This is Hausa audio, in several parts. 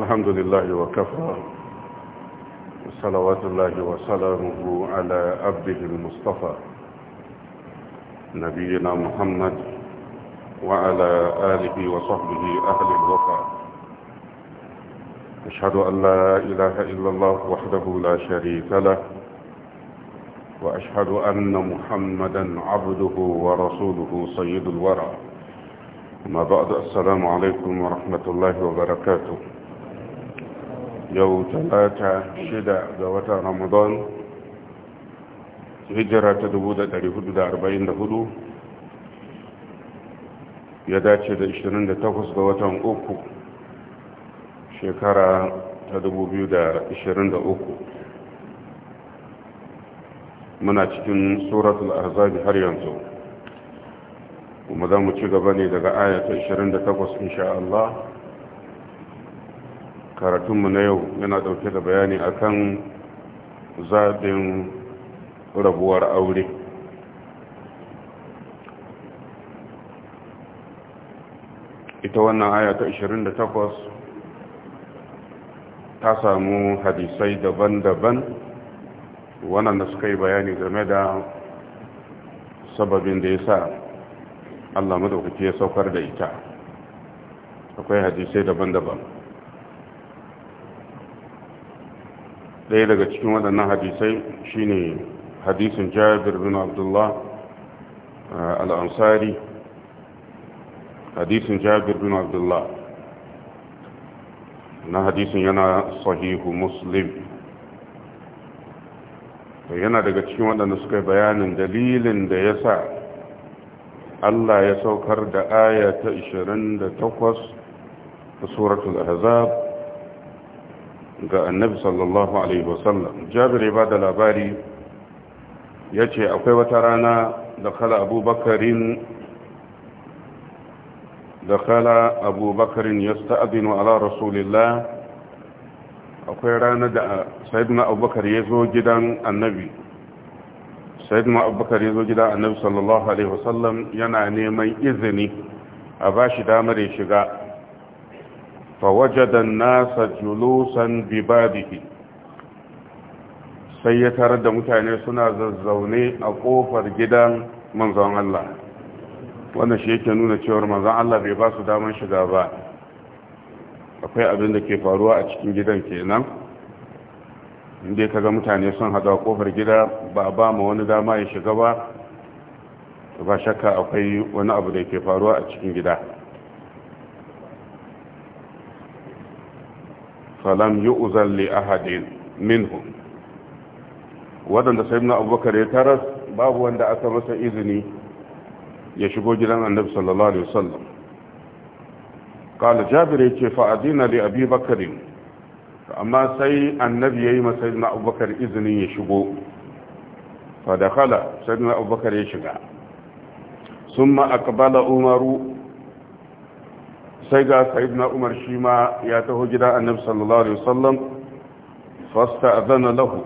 الحمد لله وكفى صلوات الله وسلامه على عبده المصطفى نبينا محمد وعلى آله وصحبه أهل الوفاء أشهد أن لا إله إلا الله وحده لا شريك له وأشهد أن محمدا عبده ورسوله سيد الورى أما بعد السلام عليكم ورحمة الله وبركاته yau talata shida ga watan ramadan hijira ta 1444 ya dace da 28 ga watan uku shekara ta 2023 muna cikin suratul arzabi har yanzu kuma za mu ci gaba ne daga ayata 28 insha Allah karatunmu na yau yana ɗauke da bayani akan zaɓin rabuwar aure ita wannan aya ta 28 ta samu hadisai daban-daban wannan da suka yi bayani game da sababin da ya sa Allah madaukaki ya saukar da ita akwai hadisai daban-daban ɗaya daga cikin waɗannan hadisai shine hadisin jabir bin abdullah uh, al'ansari hadisin jabir bin abdullah na hadisin yana sahihu muslim yana daga cikin waɗanda suka yi bayanin dalilin da ya sa Allah ya saukar da aya ta 28 ta suratul ahzab ga annabi sallallahu alaihi wasallam jabir ba da labari ya ce akwai wata rana da kala abubakarin da kala abubakarin ya sta'adinu ala rasulillah akwai rana da sayyidina abubakar ya zo gidan annabi sayyidina abubakar ya zo gidan annabi sallallahu alaihi wasallam yana neman izini a ba shi damar ya shiga فوجد الناس جلوسا ببابه sai ya tarar da mutane suna zazzaune a kofar gidan manzon Allah wannan shi yake nuna cewar manzon Allah bai ba su daman shiga ba akwai abin da ke faruwa a cikin gidan kenan inda kaga mutane sun hada kofar gida ba ba ma wani dama ya shiga ba ba shakka akwai wani abu da ke faruwa a cikin gida falam yu'zal li ahadin minhum wadanda sayyidina abubakar ya taras babu wanda aka masa izini ya shigo gidan annabi sallallahu alaihi wasallam qala jabir yace fa adina li abi bakr amma sai annabi yayi masa sayyidina abubakar izinin ya shigo fa dakhala sayyidina abubakar ya shiga summa aqbala umaru sai ga na umar shi ma ya taho gida annabi sallallahu alaihi wasallam fasta'zana lahu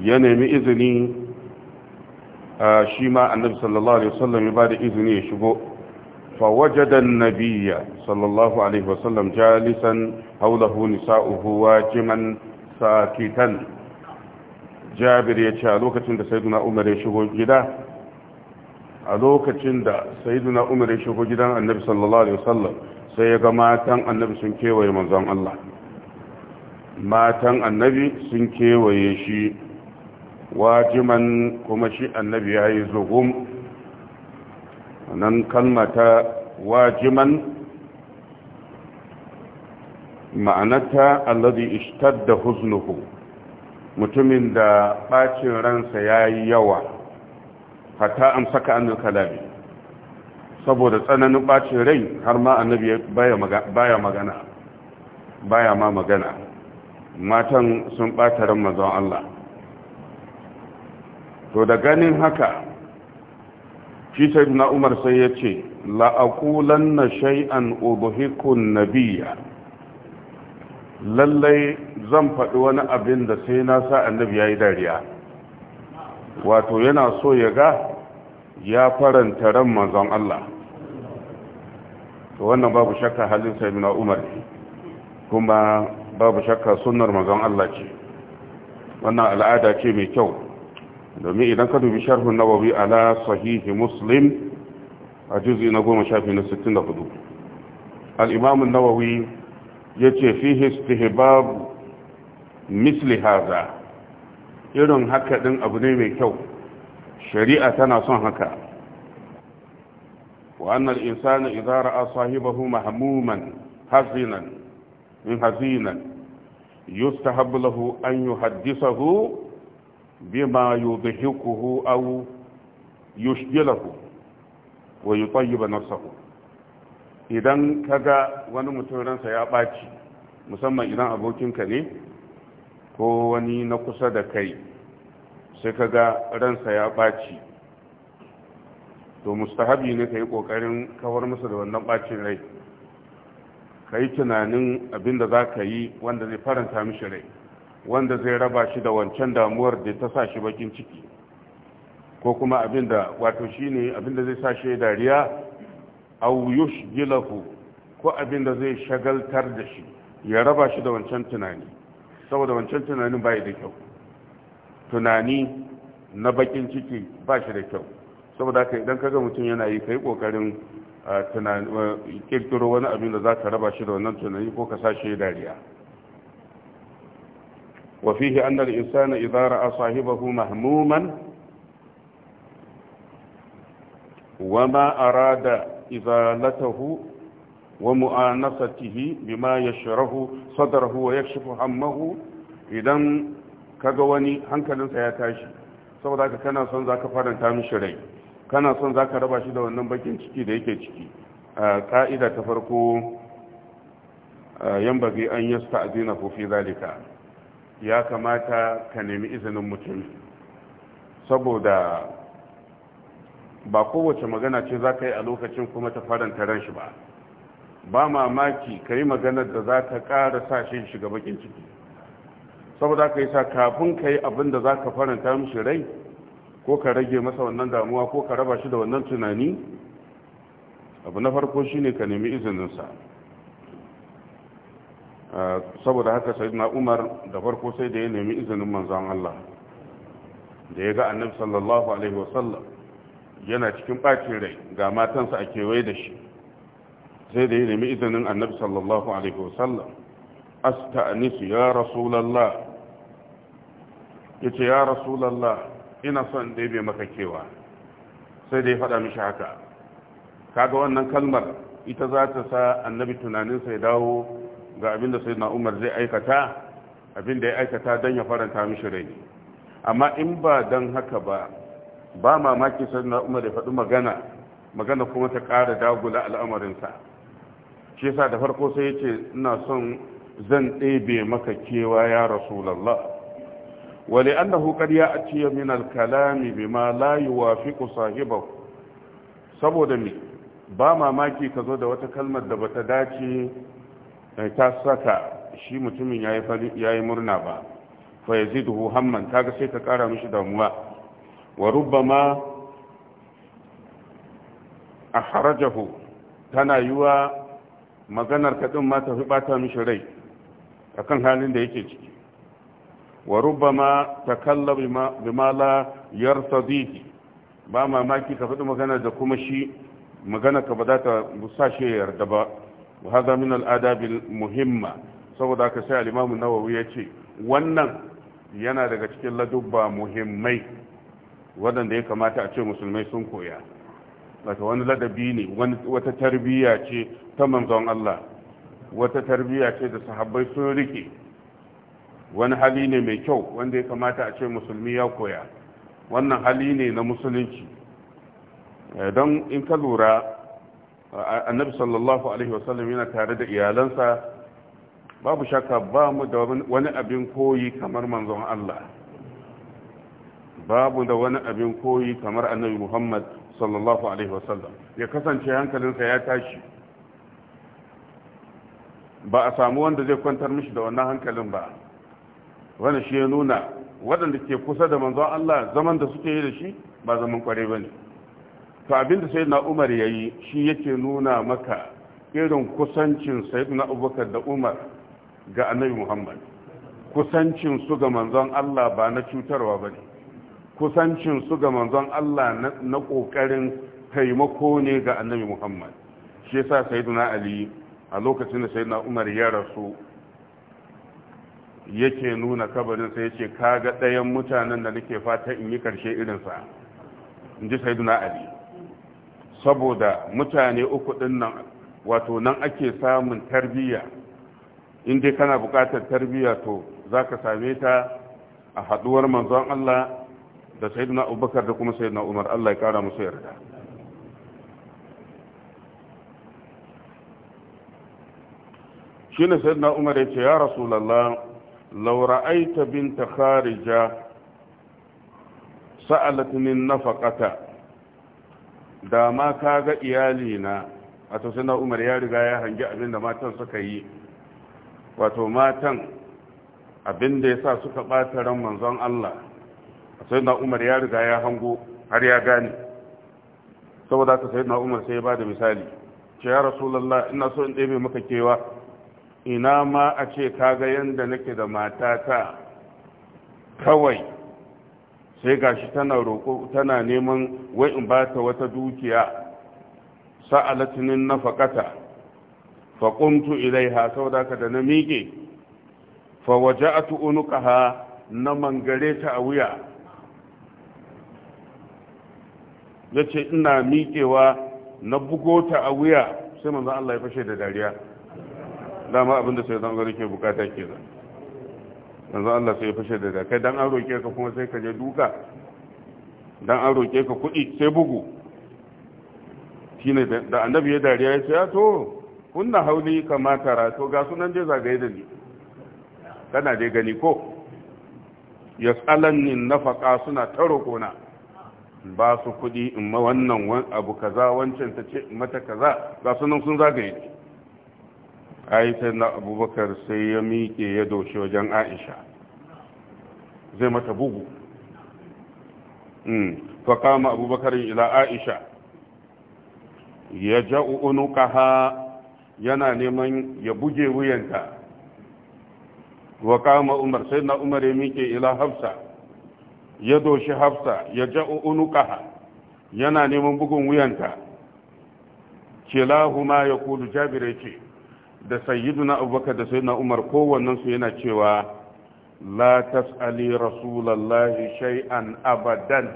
ya nemi izini shi ma annabi sallallahu alaihi wasallam ya bada izini ya shigo fa wajada an-nabiyya sallallahu alaihi wasallam jalisan hawlahu nisa'uhu wajiman sakitan jabir ya ce a lokacin da sayyidina umar ya shigo gida a lokacin da sayyiduna umar ya shigo gidan annabi sallallahu alaihi wasallam sai ya ga matan annabi sun kewaye manzon Allah matan annabi sun kewaye shi wajiman kuma shi annabi ya yi zugum nan kalma ta wajiman ma'anata alladhi ishtadda huznuhu mutumin da bacin ransa yayi yawa hatta amsaka anil kalabi saboda tsananin bacin rai har ma annabi baya magana baya ma magana matan sun bata ran mazan Allah to da ganin haka shi na Umar sai ya ce la aqulanna shay'an udhikun nabiyya lallai zan faɗi wani abin da sai na sa annabi ya yi dariya wato yana so ya ga ya faranta ran manzon Allah to wannan babu shakka halin sayyidina Umar kuma babu shakka sunnar manzon Allah ce wannan al'ada ce mai kyau domin idan ka dubi sharhun nawawi ala sahihi muslim a juz'i na goma shafi na 64 al-imam an-nawawi yace fihi istihbab misli haza. irin haka din abu ne mai kyau shari'a tana son haka wa annal insana idza ra'a sahibahu mahmuman hazinan in hazinan yustahabbu lahu an yuhaddisahu bima yudhikuhu aw yushghilahu wa yutayyiba nafsahu idan kaga wani mutum ransa ya baci musamman idan abokinka ne ko wani na kusa da kai sai ka ga ransa ya ɓaci to mustahabi ne ka yi ƙoƙarin kawar musu da wannan ɓacin rai ka yi tunanin abin da za ka yi wanda zai faranta mishi rai wanda zai raba shi da wancan damuwar da ta sa shi bakin ciki ko kuma abin da wato shi ne abin da zai sa shi dariya wuyush gilafu, ko abin da zai shagaltar da shi ya raba shi da wancan tunani saboda wancan tunanin bai da kyau tunani na bakin ciki ba shi da kyau saboda haka idan kaga mutum yana yi kai kokarin kirkiro wani abin da za ka raba shi da wannan tunani ko ka sa shi dariya wa fihi anna insana idza ra'a sahibahu mahmuman wa ma arada izalatahu wa mu'anasatihi bima yashrahu sadrahu wa yakshifu hammahu idan kaga wani hankalinsa ya tashi saboda haka kana son za ka faranta mishi rai kana son za ka raba shi da wannan bakin ciki da yake ciki a ka'ida ta farko yan bagi an yasta'zina fi zalika ya kamata ka nemi izinin mutum saboda ba kowace magana ce za ka yi a lokacin kuma ta faranta ran shi ba ba mamaki ka yi maganar da za ka ƙara sa shi shiga bakin ciki saboda ka yi sa kafin ka yi abin da za ka faranta mishi rai ko ka rage masa wannan damuwa ko ka raba shi da wannan tunani abu na farko shi ne ka nemi izininsa ah, saboda haka sai na umar da farko sai da ya nemi izinin manzan Allah da ya ga annabi sallallahu alaihi wasallam yana cikin ɓacin rai ga matansa a kewaye da shi sai da ya nemi izinin annabi sallallahu alaihi wasallam astanisu ya rasulallah ya ce ya rasulallah ina son ɗebe maka kewa sai da ya faɗa mishi haka kaga wannan kalmar ita za ta sa annabi tunaninsa ya dawo ga abin da sayyidina umar zai aikata abin da ya aikata don ya faranta mishi rai amma in ba don haka ba ba mamaki sayyidina umar ya faɗi magana magana kuma ta ƙara dagula al'amarinsa shi yasa da farko sai ya ce ina son zan ɗebe maka kewa ya rasulallah wale annahu qad ya'ti min al-kalami bima la yuwafiqu saboda ba mamaki ka zo da wata kalmar da bata dace ta saka shi mutumin ya yi murna ba fa yaziduhu hamman ga sai ka kara mishi damuwa wa a harajahu tana yiwa maganar kaɗin ma ta fi ɓata mishi rai akan halin da yake ciki wa rubama takallama bima la yartadihi ba mamaki ka faɗi magana da kuma shi magana ka ba za ta busa shi yarda ba wa hada min muhimma saboda haka sai al-imam an-nawawi wannan yana daga cikin ladubba muhimmai wadanda ya kamata a ce musulmai sun koya wato wani ladabi ne wata tarbiyya ce ta manzon Allah wata tarbiyya ce da sahabbai sun wani hali ne mai kyau wanda ya kamata a ce musulmi ya koya wannan hali ne na musulunci eh, don in ka lura annabi sallallahu alaihi wasallam yana tare da iyalansa babu shakka ba mu da wani abin koyi kamar manzon Allah babu da wani abin koyi kamar annabi Muhammad sallallahu alaihi wasallam ya kasance hankalinsa ya tashi ba a samu wanda zai kwantar mishi da wannan hankalin ba wannan shi ya nuna waɗanda ke kusa da manzon Allah zaman da suke yi da shi ba zaman kware ba ne to abin da sayyidina Umar ya yi shi yake nuna maka irin kusancin sayyidina Abubakar da Umar ga annabi Muhammad kusancin su ga manzon Allah ba na cutarwa ba ne kusancin su ga manzon Allah na ƙoƙarin taimako ne ga annabi Muhammad shi yasa sayyidina Ali a lokacin da sayyidina Umar ya rasu yake nuna kabarin sai ka kaga ɗayan mutanen da nake fata in yi karshe irinsa in ji duna ali saboda mutane uku din nan wato nan ake samun tarbiyya in dai kana buƙatar tarbiyya to zaka same ta a haduwar manzon Allah da sayyiduna Abubakar da kuma sayyiduna Umar Allah ya kara musu yarda shi ne sayyiduna Umar ya ce ya rasulullah laura aita binta kharija sa'alatinin nafaqata da ma ka ga iyalina a tausina umar ya riga ya hangi abin matan suka yi wato matan abin ya sa suka ɓata ran manzon Allah sayyidina Umar ya riga ya hango har ya gane saboda haka sayyidina Umar sai ya bada misali ce ya Rasulullah ina so in ɗebe maka kewa ina ma a ce kaga yadda nake da matata kawai sai gashi tana roƙo tana neman wai in bata wata dukiya sa'alatinin nafaqata fa qumtu ilaiha sauda ka da na miƙe fa waja'atu unqaha na mangare ta a wuya yace ina mikewa na bugo ta a wuya sai manzo Allah ya fashe da dariya dama abin da sai zangon ke bukata ke zan yanzu Allah sai ya fashe da kai dan an roƙe ka kuma sai ka je duka dan an roƙe ka kuɗi sai bugu shine da annabi ya dariya ya ce ya ah, to kunna hauli kamata ra to ga sunan dai zagaye da ni kana dai gani ko ya tsalanni nafaka suna ta na ba su kuɗi in ma wannan abu kaza wancan ta ce mata kaza ga sunan sun zagaye aisha na abubakar sai ya miƙe ya doshe wajen aisha zai mata bugu mm. kama abubakarin ila aisha ya ja'u kaha yana neman ya buge wuyanta kama umar sai na umar ya miƙe ila hafsa ya doshe hafsa ya ja'u kaha yana neman bugun wuyanta huma ya kudu jabirai ce da sayyiduna abubakar da sayyiduna umar kowannen su yana cewa la tas'ali rasulallahi shay'an abadan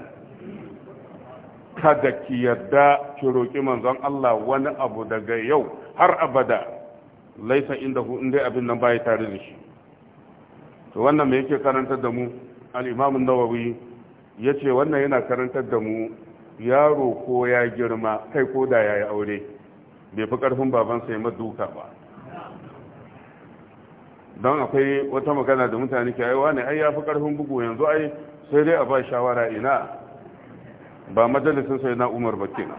kada ki yarda ki roki manzon Allah wani abu daga yau har abada laisa inda ku inda abin nan bai tare da shi to wannan me yake karantar da mu al-imam an-nawawi yace wannan yana karantar da mu yaro ko ya girma kai ko da yayi aure bai fi karfin babansa ya maduka ba don akwai wata magana da mutane ke aiwa ne ai ya fi karfin bugu yanzu ai sai dai a ba shawara ina ba majalisun sai na umar ba kina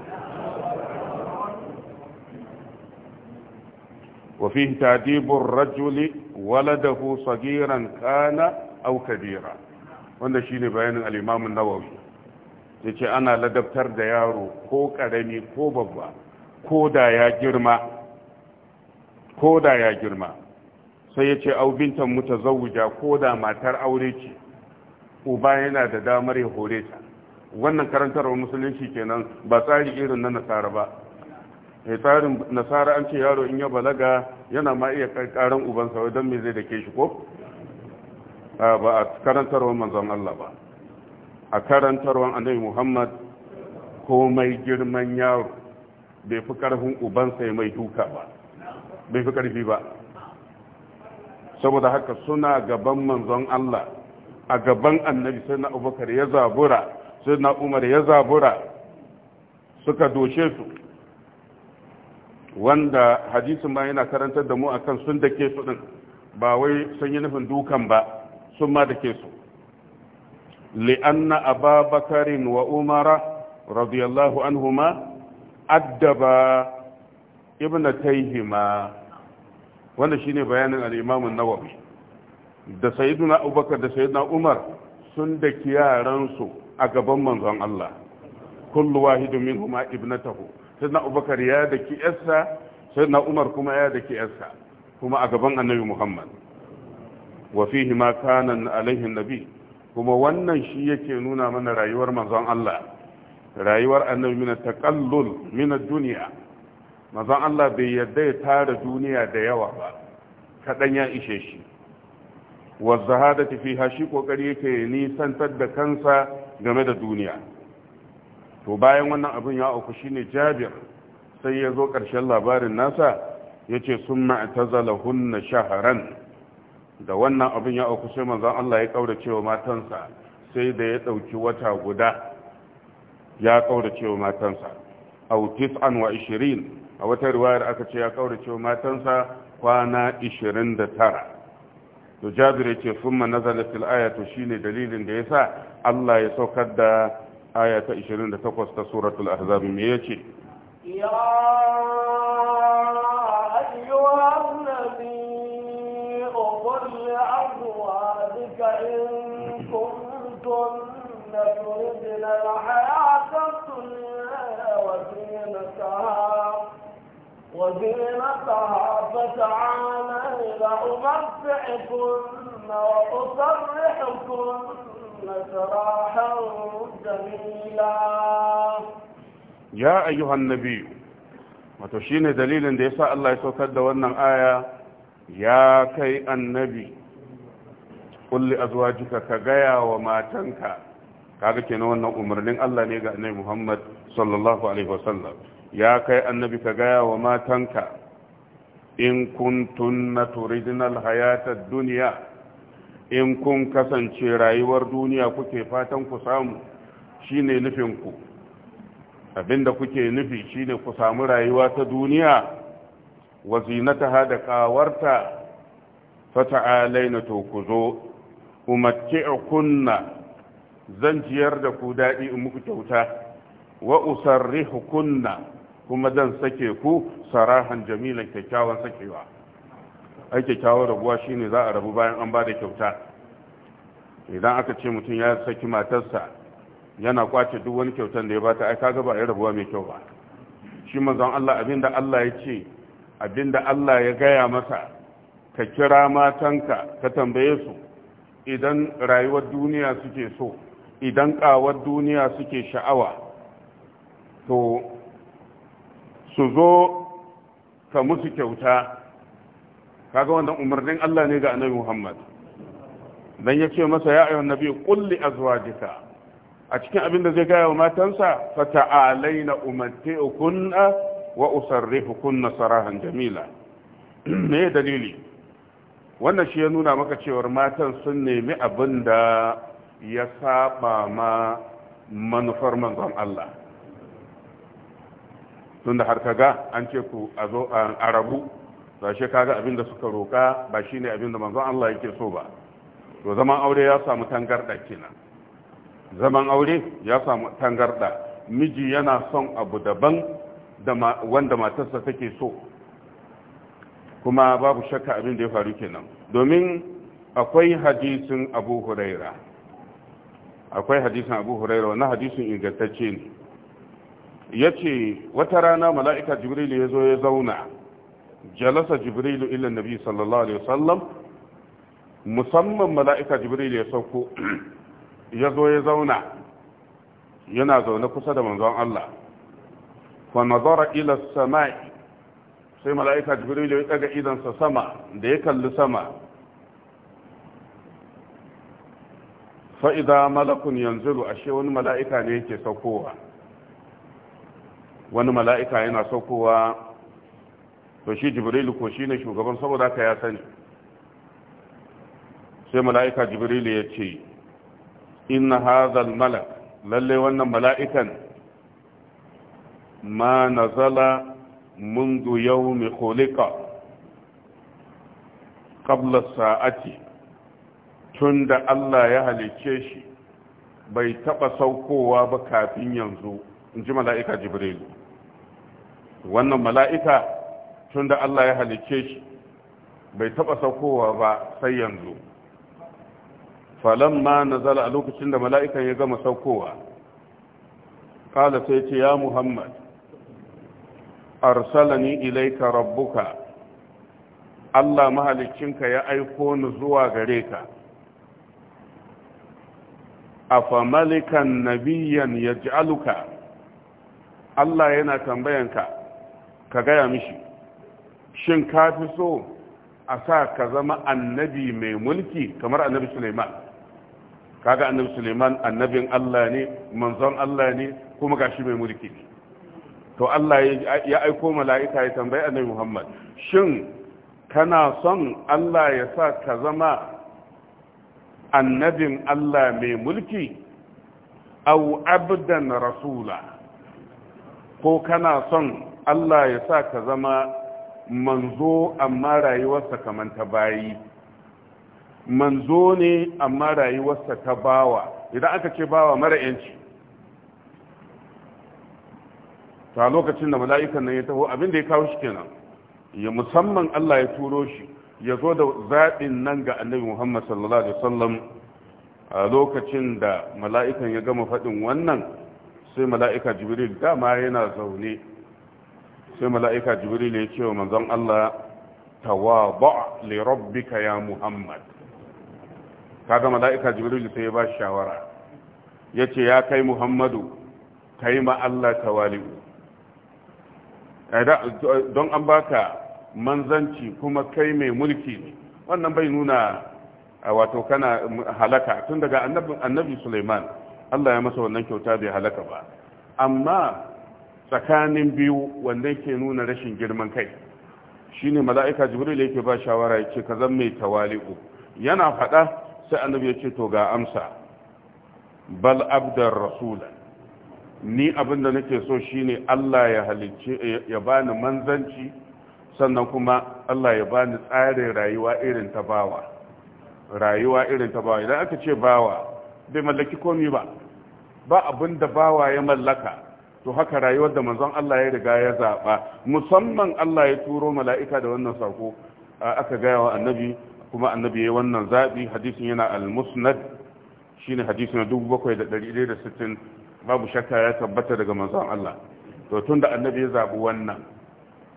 wa fi tadibur rajuli waladahu sagiran kana aw kabira wanda shine bayanin al-imam nawawi yace ana ladabtar da yaro ko karami ko babba ko da ya girma sai ya ce aubintan zauja ko da matar aure ce uba yana da damar ya hore ta wannan karantarwar musulunci kenan ba tsari irin na nasara ba mai eh, tsarin nasara an ce yaro in ya balaga yana ma iya karan ubansa don me zai dake shi ko ba a karantarwar manzon Allah ba a karantarwar annabi Muhammad komai girman yaro bai fi karfin ubansa mai duka ba bai fi karfi ba saboda haka suna gaban manzon Allah a gaban annabi sai na abubakar ya zabura sai na umar ya zabura suka doshe su wanda hadisin ma yana karantar da mu akan sun da ke su din ba wai sun yi nufin dukan ba sun ma da ke su li'anna ababakarin wa umara radiyallahu anhuma addaba ibna tayhima wanda shine bayanin al-imam an-nawawi da sayyiduna abubakar da sayyiduna umar sun daki yaransu a gaban manzon Allah kullu wahidun minhum ibnatahu sayyiduna abubakar ya daki kiyarsa sayyiduna umar kuma ya daki kiyarsa kuma a gaban annabi muhammad wa fihi ma kana alaihi nabi kuma wannan shi yake nuna mana rayuwar manzon Allah rayuwar annabi min taqallul min ad-dunya Mazan Allah bai yadda ya tara duniya da yawa ba kaɗan ya ishe shi da tafi hashi ƙoƙari yake nisantar da kansa game da duniya to bayan wannan abin ya auku shine jabir sai ya zo ƙarshen labarin nasa ya ce sun na shaharan da wannan abin ya auku sai mazan Allah ya ƙaura wa matansa sai da ya ɗauki wata guda ya ƙaura wa matansa an wa ishirin. a wata ruwayar aka ce ya cewa matansa kwana 29 to jabir yake summa nazalat al-aya shine dalilin da yasa Allah ya saukar da ayata ta 28 ta suratul ahzab me yace ya ayyuhan nabi qul la'azwajika in وزينتها فتعالين أمتعكن وأسرحكن سراحا جميلا ya ayyuhan nabiyu wato shine dalilin da yasa Allah ya saukar da wannan aya ya kai annabi kulli azwajika ka gaya wa matanka kaga kenan wannan umarnin Allah ne ga annabi Muhammad sallallahu alaihi wasallam ya kai annabi ka gaya wa matanka in kuntun na turidinal hayatar duniya in kun kasance rayuwar duniya kuke fatan ku samu shine nufinku abinda kuke nufi shine ku samu rayuwa ta duniya wa zinataha da kawarta alaina to ku zo Umarci kunna. zan jiyar da ku daɗi in muku kyauta wa usarrihukunna kuma zan sake ku sarahan jamilan kyakkyawan sakewa ai kyakkyawan rabuwa shine za a rabu bayan an bada kyauta idan aka ce mutum ya saki matarsa yana kwace duk wani kyautan da ya bata ai kaga ba ai rabuwa mai kyau ba shi manzon Allah abinda Allah ya ce abinda Allah ya gaya masa ka kira matanka ka tambaye su idan rayuwar duniya suke so idan ƙawar duniya suke sha'awa to su zo ka musu kyauta kaga wannan umarnin Allah ne ga annabi Muhammad dan yace masa ya ayyuhan nabi qul li azwajika a cikin abin da zai gaya wa matansa fa ta'alaina umatti'ukunna wa usarrihukunna sarahan jamila me dalili wannan shi ya nuna maka cewar matan sun nemi abin da ya saba ma manufar manzon Allah tunda har ka ga an ce ku a zo a arabu ba shi kaga abin suka roka ba shine abin da manzo Allah yake so ba to zaman aure ya samu tangarda kenan zaman aure ya samu tangarda miji yana son abu daban da wanda matarsa take so kuma babu shakka abin da ya faru kenan domin akwai hadisin Abu Huraira akwai hadisin Abu Huraira wannan hadisin ingantacce ne ya ce wata rana mala'ika jibrilu ya zo ya zauna jalasa jibrilu ilan nabi sallallahu alaihi wasallam musamman mala'ika jibrilu ya sauko ya zo ya zauna yana zaune kusa da manzon Allah fa nazara ila samai sai mala'ika jibrilu ya ɗaga idansa sama da ya kalli sama fa'ida idza malakun yanzilu ashe wani mala'ika ne yake saukowa wani mala'ika yana saukowa to shi jibrilu ko shi ne shugaban saboda ka ya sani sai mala'ika jibrilu ya ce ina hazal malak lalle wannan mala'ikan ma nazala mundu yau mai kholika ƙablar sa'ati tun da Allah ya halice shi bai taɓa saukowa ba kafin yanzu in ji mala'ika jibrilu wannan mala'ika tun da Allah ya halicce shi bai taɓa saukowa ba sai yanzu Falon ma na zala a lokacin da mala'ikan ya gama saukowa ƙala sai ce ya muhammad arsalani ilaika rabbuka Allah mahalicinka ya aiko ni zuwa gare ka afamalikan nabiyan ya ji aluka Allah yana tambayanka ka gaya mishi shin ka fi so a sa ka zama annabi mai mulki kamar annabi suleiman kaga annabi suleiman annabin allah ne manzon allah ne kuma gashi mai mulki to allah ya aiko mala'ika ya tambayi annabi muhammad shin kana son allah ya sa ka zama annabin allah mai mulki au abdan rasula ko kana son Allah ya sa ka zama manzo amma rayuwarsa kaman ta bayi manzo ne amma rayuwarsa ta bawa idan aka ce bawa mara yanci ta lokacin da mala'ikan nan ya taho abinda ya kawo shi kenan ya musamman Allah ya turo shi ya zo da zaɓin nan ga annabi Muhammad sallallahu alaihi wasallam a lokacin da mala'ikan ya gama faɗin wannan sai mala'ika jibril dama yana zaune sai mala'ika jibril ya ce wa manzon Allah tawaba le rabbika ya muhammad kaga mala'ika jibril sai ya ba shawara yace ya kai muhammadu kai ma Allah tawali'u don an baka manzanci kuma kai mai mulki ne wannan bai nuna wato kana halaka tun daga annabi Suleiman Allah ya masa wannan kyauta bai halaka ba amma tsakanin biyu wanda ke nuna rashin girman kai shi ne mala'ika jibril yake ba shawara ya ce ka zan mai tawali'u yana faɗa sai annabi ya ce to ga amsa bal abdar rasula ni abin da nake so shi ne Allah ya halicce ya bani manzanci sannan kuma Allah ya bani tsarin rayuwa irin ta bawa rayuwa irin ta bawa idan aka ce bawa bai mallaki komi ba ba abin da bawa ya mallaka to haka rayuwar da manzon Allah ya riga ya zaba musamman Allah ya turo mala'ika da wannan sako aka gaya wa annabi kuma annabi ya wannan zabi hadisin yana al-musnad shine hadisi na sittin babu shakka ya tabbata daga manzon Allah to tun da annabi ya zabi wannan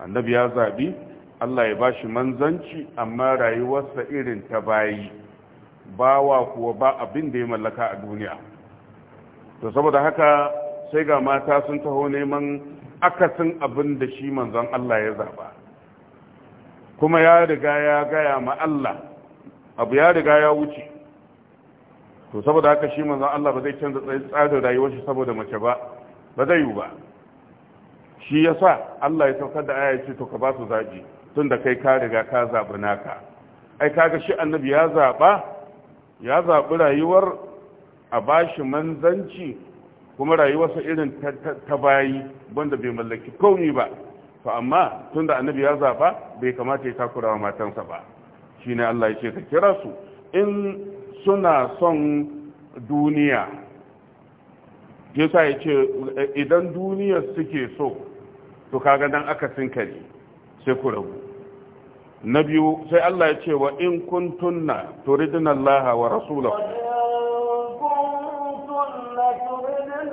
annabi ya zabi Allah ya ba shi manzanci amma rayuwarsa irin ta bayi bawa kuwa ba abin da ya mallaka a duniya to saboda haka sai ga mata sun taho neman akasin abin da shi manzon Allah ya zaba kuma ya riga ya gaya ma Allah abu ya riga ya wuce to saboda haka shi manzon Allah ba zai canza tsarin rayuwar shi saboda mace ba ba zai yi ba shi yasa Allah ya saukar da aya ce to ka ba su zabi tunda kai ka riga ka zabi naka ai kaga shi annabi ya zaba ya zabi rayuwar a bashi manzanci kuma rayuwarsa irin ta bayi banda bai mallaki komi ba to amma tunda annabi ya zaba bai kamata ya takura wa matansa ba shi ne Allah ya ce ka kira su in suna son duniya yasa ya ce idan duniyar suke so to kaga dan aka sinkari sai ku rabu na biyu sai Allah ya ce wa in kuntunna turidna Allah wa rasulahu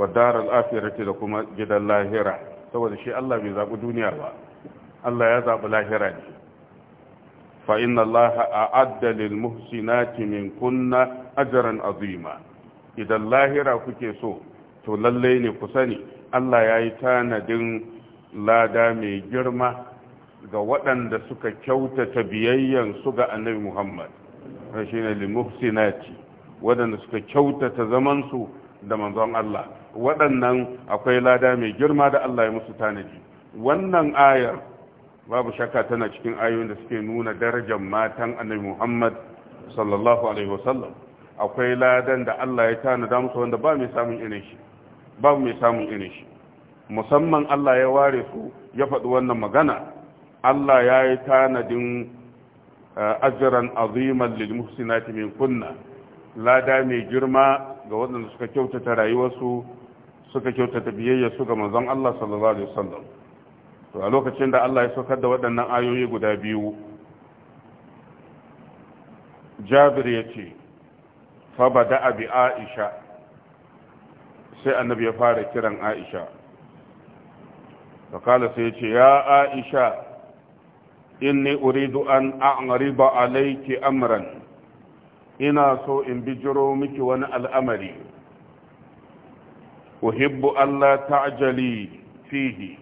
wa daral akhirati da kuma gidan lahira saboda shi Allah bai zabi duniya ba Allah ya zabi lahira ne fa inna Allah a'adda lil muhsinati min kunna ajran azima idan lahira kuke so to lalle ne ku sani Allah ya yi tanadin lada mai girma ga waɗanda suka kyautata biyayyan su ga annabi Muhammad rashin lil muhsinati waɗanda suka kyautata zamansu da manzon Allah waɗannan akwai lada mai girma da Allah ya musu tanaji wannan ayar babu shakka tana cikin ayoyin da suke nuna darajar matan annabi Muhammad sallallahu alaihi wasallam akwai ladan da Allah ya tanada musu wanda ba mai samun irin shi ba mai samun irin shi musamman Allah ya ware su ya faɗi wannan magana Allah ya yi tanadin eh, ajran azimar lil muhsinati min kunna lada mai girma ga waɗanda suka kyautata rayuwarsu suka kyautata biyayyarsu ga manzon Allah sallallahu alaihi wasallam to a lokacin da Allah ya saukar da waɗannan ayoyi guda biyu Jabir ya ce fa bada bi Aisha sai annabi ya fara kiran Aisha ya سيتي ya aisha inni uridu an أعرض alayki amran ina so in bijiro miki wani al'amari uhibbu Allah ta'jali fihi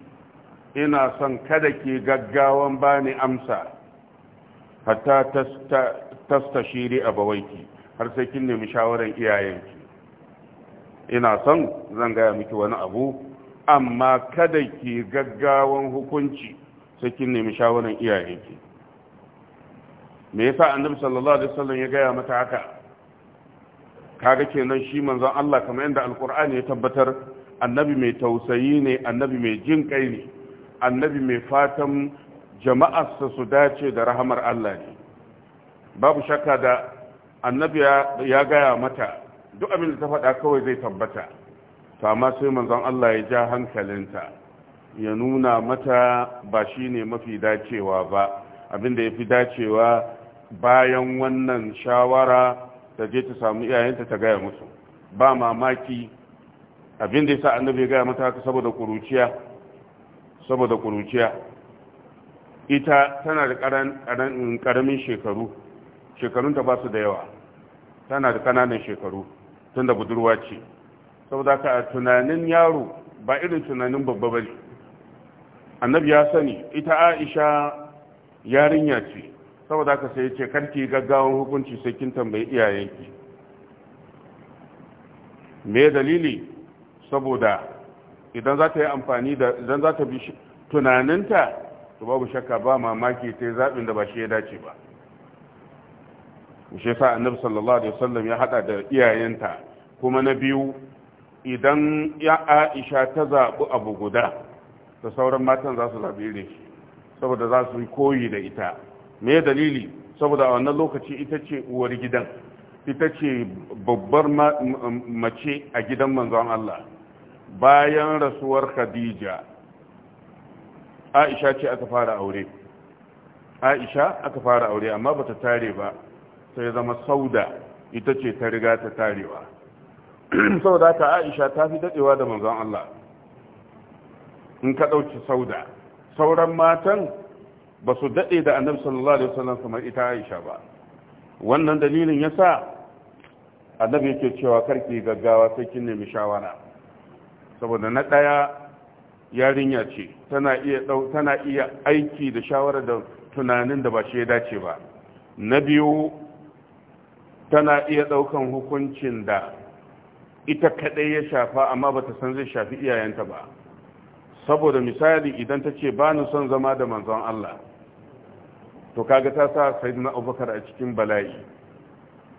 ina son kada ki gaggawan bani amsa hatta tastashiri abawaiki har sai kin nemi shawaran iyayenki ina son zan gaya miki wani abu amma kada ki gaggawan hukunci sai kin nemi shawaran iyayenki me yasa annabi sallallahu alaihi wasallam ya gaya mata haka kaga kenan shi manzon Allah kamar yadda alqur'ani ya tabbatar annabi mai tausayi ne annabi mai jin kai ne annabi mai fatan jama'arsa su dace da rahamar Allah ne babu shakka da annabi ya gaya mata duk abin da ta faɗa kawai zai tabbata to amma sai manzon Allah ya ja hankalinta ya nuna mata ba shi ne mafi dacewa ba abin da ya fi dacewa bayan wannan shawara ta je ta samu iyayenta ta gaya musu ba mamaki abin da ya sa annabi ya gaya mata haka saboda kuruciya saboda kuruciya ita tana da karamin shekaru shekarunta ba su da yawa tana da kananan shekaru tun da budurwa ce saboda ka tunanin yaro ba irin tunanin babba ba ne annabi ya sani ita aisha yarinya ce saboda ka sai ce karki gaggawan hukunci sai kin tambayi iyayenki me dalili saboda idan za ta yi amfani da idan za ta bi tunaninta to babu shakka ba mamaki ta yi zaɓin da ba shi ya dace ba shi sa annabi sallallahu alaihi wasallam ya hada da iyayenta kuma na biyu idan ya aisha ta zaɓi abu guda da sauran matan za su zaɓi ne saboda za su yi koyi da ita me dalili saboda a wannan lokaci ita ce uwar gidan ita ce babbar mace a gidan manzon Allah bayan rasuwar Khadija Aisha ce aka fara aure Aisha aka fara aure amma bata tare ba sai zama Sauda ita ce ta riga ta tarewa saboda ka Aisha ta fi dadewa da manzon Allah in ka dauki Sauda sauran matan ba su daɗe da annabi sallallahu alaihi wasallam kamar ita aisha ba wannan dalilin yasa sa annabi yake cewa karki gaggawa sai kin nemi shawara saboda na ɗaya yarinya ce tana iya tana iya aiki da shawara da tunanin da ba shi ya dace ba na biyu tana iya ɗaukan hukuncin da ita kadai ya shafa amma ba ta san zai shafi iyayenta ba saboda misali idan ta ce ba ni son zama da manzon Allah to kaga ta sa sayyidina abubakar a cikin bala'i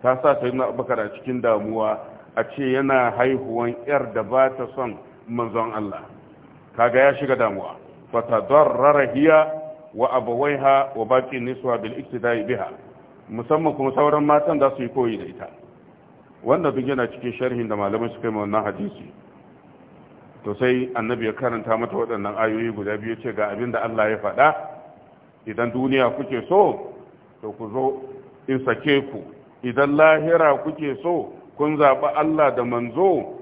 ta sa sayyidina abubakar a cikin damuwa a ce yana haihuwan yar da ba ta son manzon Allah kaga ya shiga damuwa fa tadarrara hiya wa abawaiha wa baqi niswa bil iktida'i biha musamman kuma sauran matan da su yi koyi da ita wanda duk yana cikin sharhin da malamai suka yi wannan hadisi to sai annabi ya karanta mata waɗannan ayoyi guda biyu ce ga abin da Allah ya faɗa idan duniya kuke so to ku zo in sake ku idan lahira kuke so kun zaɓi Allah da manzo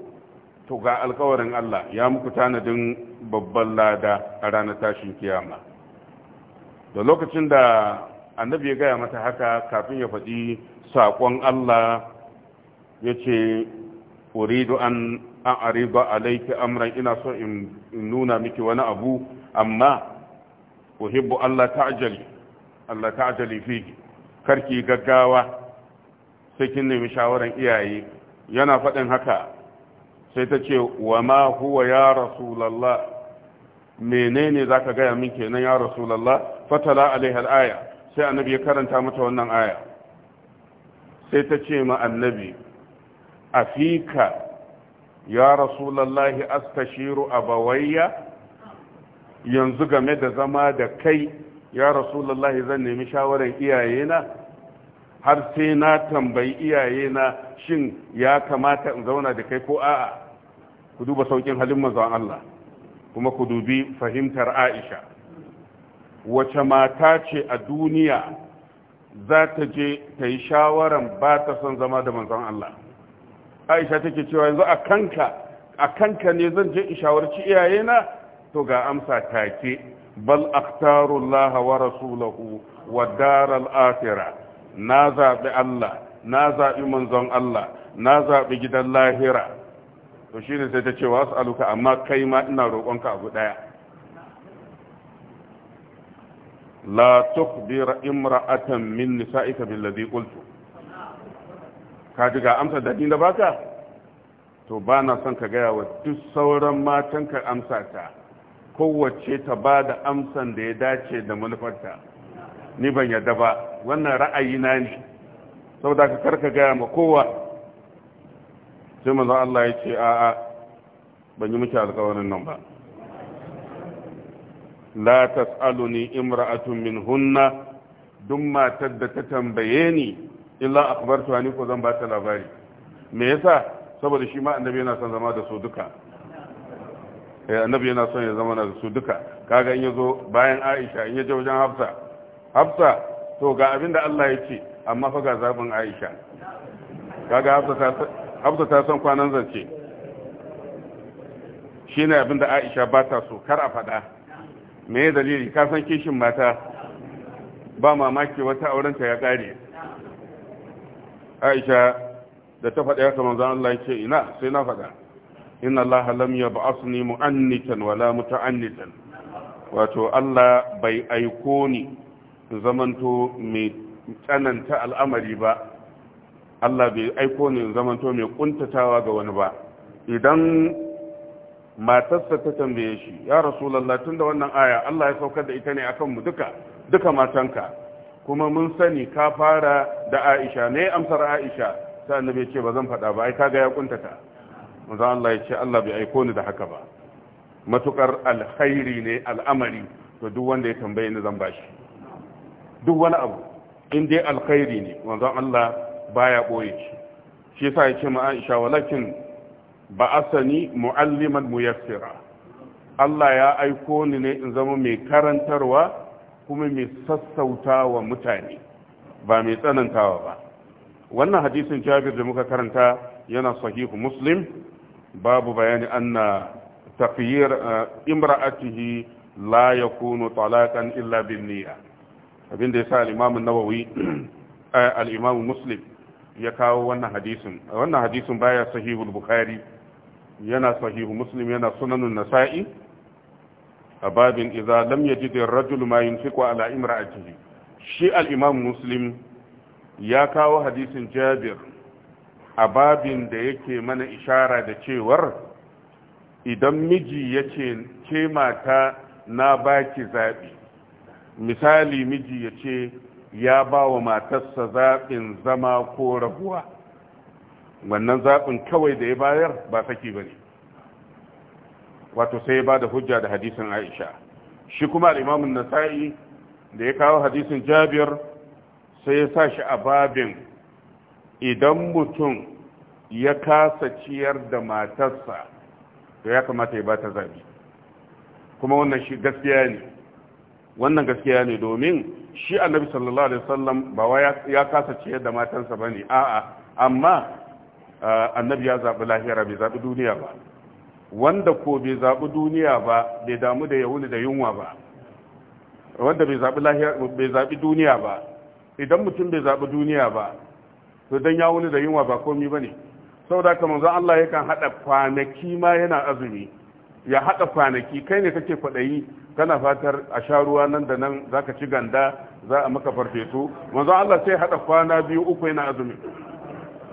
to ga alkawarin Allah ya muku tanadin babban lada a ranar tashin kiyama da lokacin da annabi ya gaya mata haka kafin ya faɗi saƙon Allah ya ce uridu an an ariba alaiki amran ina so in nuna miki wani abu amma uhibbu Allah ta'jali Allah ta'jali fihi karki gaggawa sai kin nemi shawaran iyaye yana faɗin haka sai ta ce wa ma huwa ya rasulullah menene zaka gaya min kenan ya rasulullah fatala alaiha alaya sai annabi ya karanta mata wannan aya sai ta ce ma annabi afika ya rasulallahi astashiru abawayya yanzu game da zama da kai ya rasulullah zan nemi shawarar iyayena har sai na tambayi iyayena shin ya kamata in zauna da kai ko a'a ku duba saukin halin manzon Allah kuma ku dubi fahimtar Aisha wace mata ce a duniya za ta je ta yi shawaran ba ta son zama da manzon Allah Aisha take cewa yanzu a kanka a kanka ne zan je in shawarci iyayena to ga amsa take bal akhtarullah wa rasulahu wa daral akhirah na zabi Allah na zabi manzon Allah na zabi gidan lahira to shine sai ta ce was'aluka amma kai ma ina roƙonka abu daya la tukhbir imra'atan min nisa'ika billadhi qultu ka ji ga amsa da da baka to ba na son ka gaya wa duk sauran matan ka amsa ta kowace ta ba da amsan da ya dace da manufarta ni ban yadda ba wannan ra'ayi na ne saboda ka karka gaya ma kowa sai manzo Allah ya ce a'a ban yi miki alƙawarin nan ba la tas'aluni imra'atun min hunna duk matar da ta tambaye ni illa akhbartu ani ko zan ba ta labari me yasa saboda shi ma annabi yana son zama da su duka Eh, annabi yana son ya zama su duka kaga in yazo bayan Aisha in yaje wajen Hafsa Hafsa to ga abin da Allah ya ce amma fa ga zabin Aisha kaga Hafsa ta Hafsa ta san kwanan zance shine abin da Aisha ba ta so kar a faɗa me dalili ka san kishin mata ba mamaki wata aurenta ya kare Aisha da ta faɗa ya kamar zan Allah ya ce ina sai na faɗa inna Allah lam yab'athni mu'annitan wala muta'annitan wato Allah bai aiko ni zamanto mai tsananta al'amari ba Allah bai aiko ni zamanto mai ƙuntatawa ga wani ba idan matarsa ta tambaye shi ya rasulullah tunda wannan aya Allah ya saukar da ita ne akan mu duka duka matanka kuma mun sani ka fara da Aisha na ne amsar Aisha sai annabi ya ce ba zan faɗa ba ai kaga ya kuntata manzo Allah ya ce Allah bai aiko ni da haka ba matukar alkhairi ne al'amari to duk wanda ya tambaye ni zan bashi duk wani abu in dai alkhairi ne manzo Allah baya boye shi shi yasa ya ce ma Aisha walakin ba'asani mu'alliman muyassira Allah ya aiko ni ne in zama mai karantarwa kuma mai sassautawa mutane ba mai tsanantawa ba wannan hadisin jabir da muka karanta yana sahihu muslim babu bayani anna tafiyir eh, imra'atihi la yakunu talaqan illa bin abin da ya sa imam an-nawawi eh, al-imam muslim ya kawo wannan hadisin wannan hadisin baya sahihul bukhari yana sahihu muslim yana sunanun nasa'i a babin idza lam yajid ar-rajul ma yunfiqu ala imra'atihi shi al-imam muslim ya kawo hadisin jabir a babin da yake mana ishara da cewar idan miji ya ce mata na baki zaɓi misali miji ya ce ya ba wa matarsa zaɓin zama ko rabuwa wannan zaɓin kawai da ya bayar ba saki ba ne wato sai ya ba da hujja da hadisin aisha shi kuma al'imamun nasa'i da ya kawo hadisin jabir sai ya sa shi a babin idan mutum ya kasa ciyar da matarsa to ya kamata ya ba ta zabi kuma wannan shi gaskiya ne wannan gaskiya ne domin shi annabi sallallahu alaihi wasallam ba wa ya kasa ciyar da matarsa bane a'a amma annabi ya zabi lahira bai zabi duniya ba wanda ko bai zabi duniya ba bai damu da yawuni da yunwa ba wanda bai zabi lahira bai zabi duniya ba idan mutum bai zabi duniya ba to dan yawuni da yunwa ba komai bane saboda kamar zan Allah yakan haɗa kwanaki ma yana azumi ya haɗa kwanaki kai ne kake kwaɗayi kana fatar a sha ruwa nan da nan zaka ci ganda za a maka farfesu manzo Allah sai haɗa kwana biyu uku yana azumi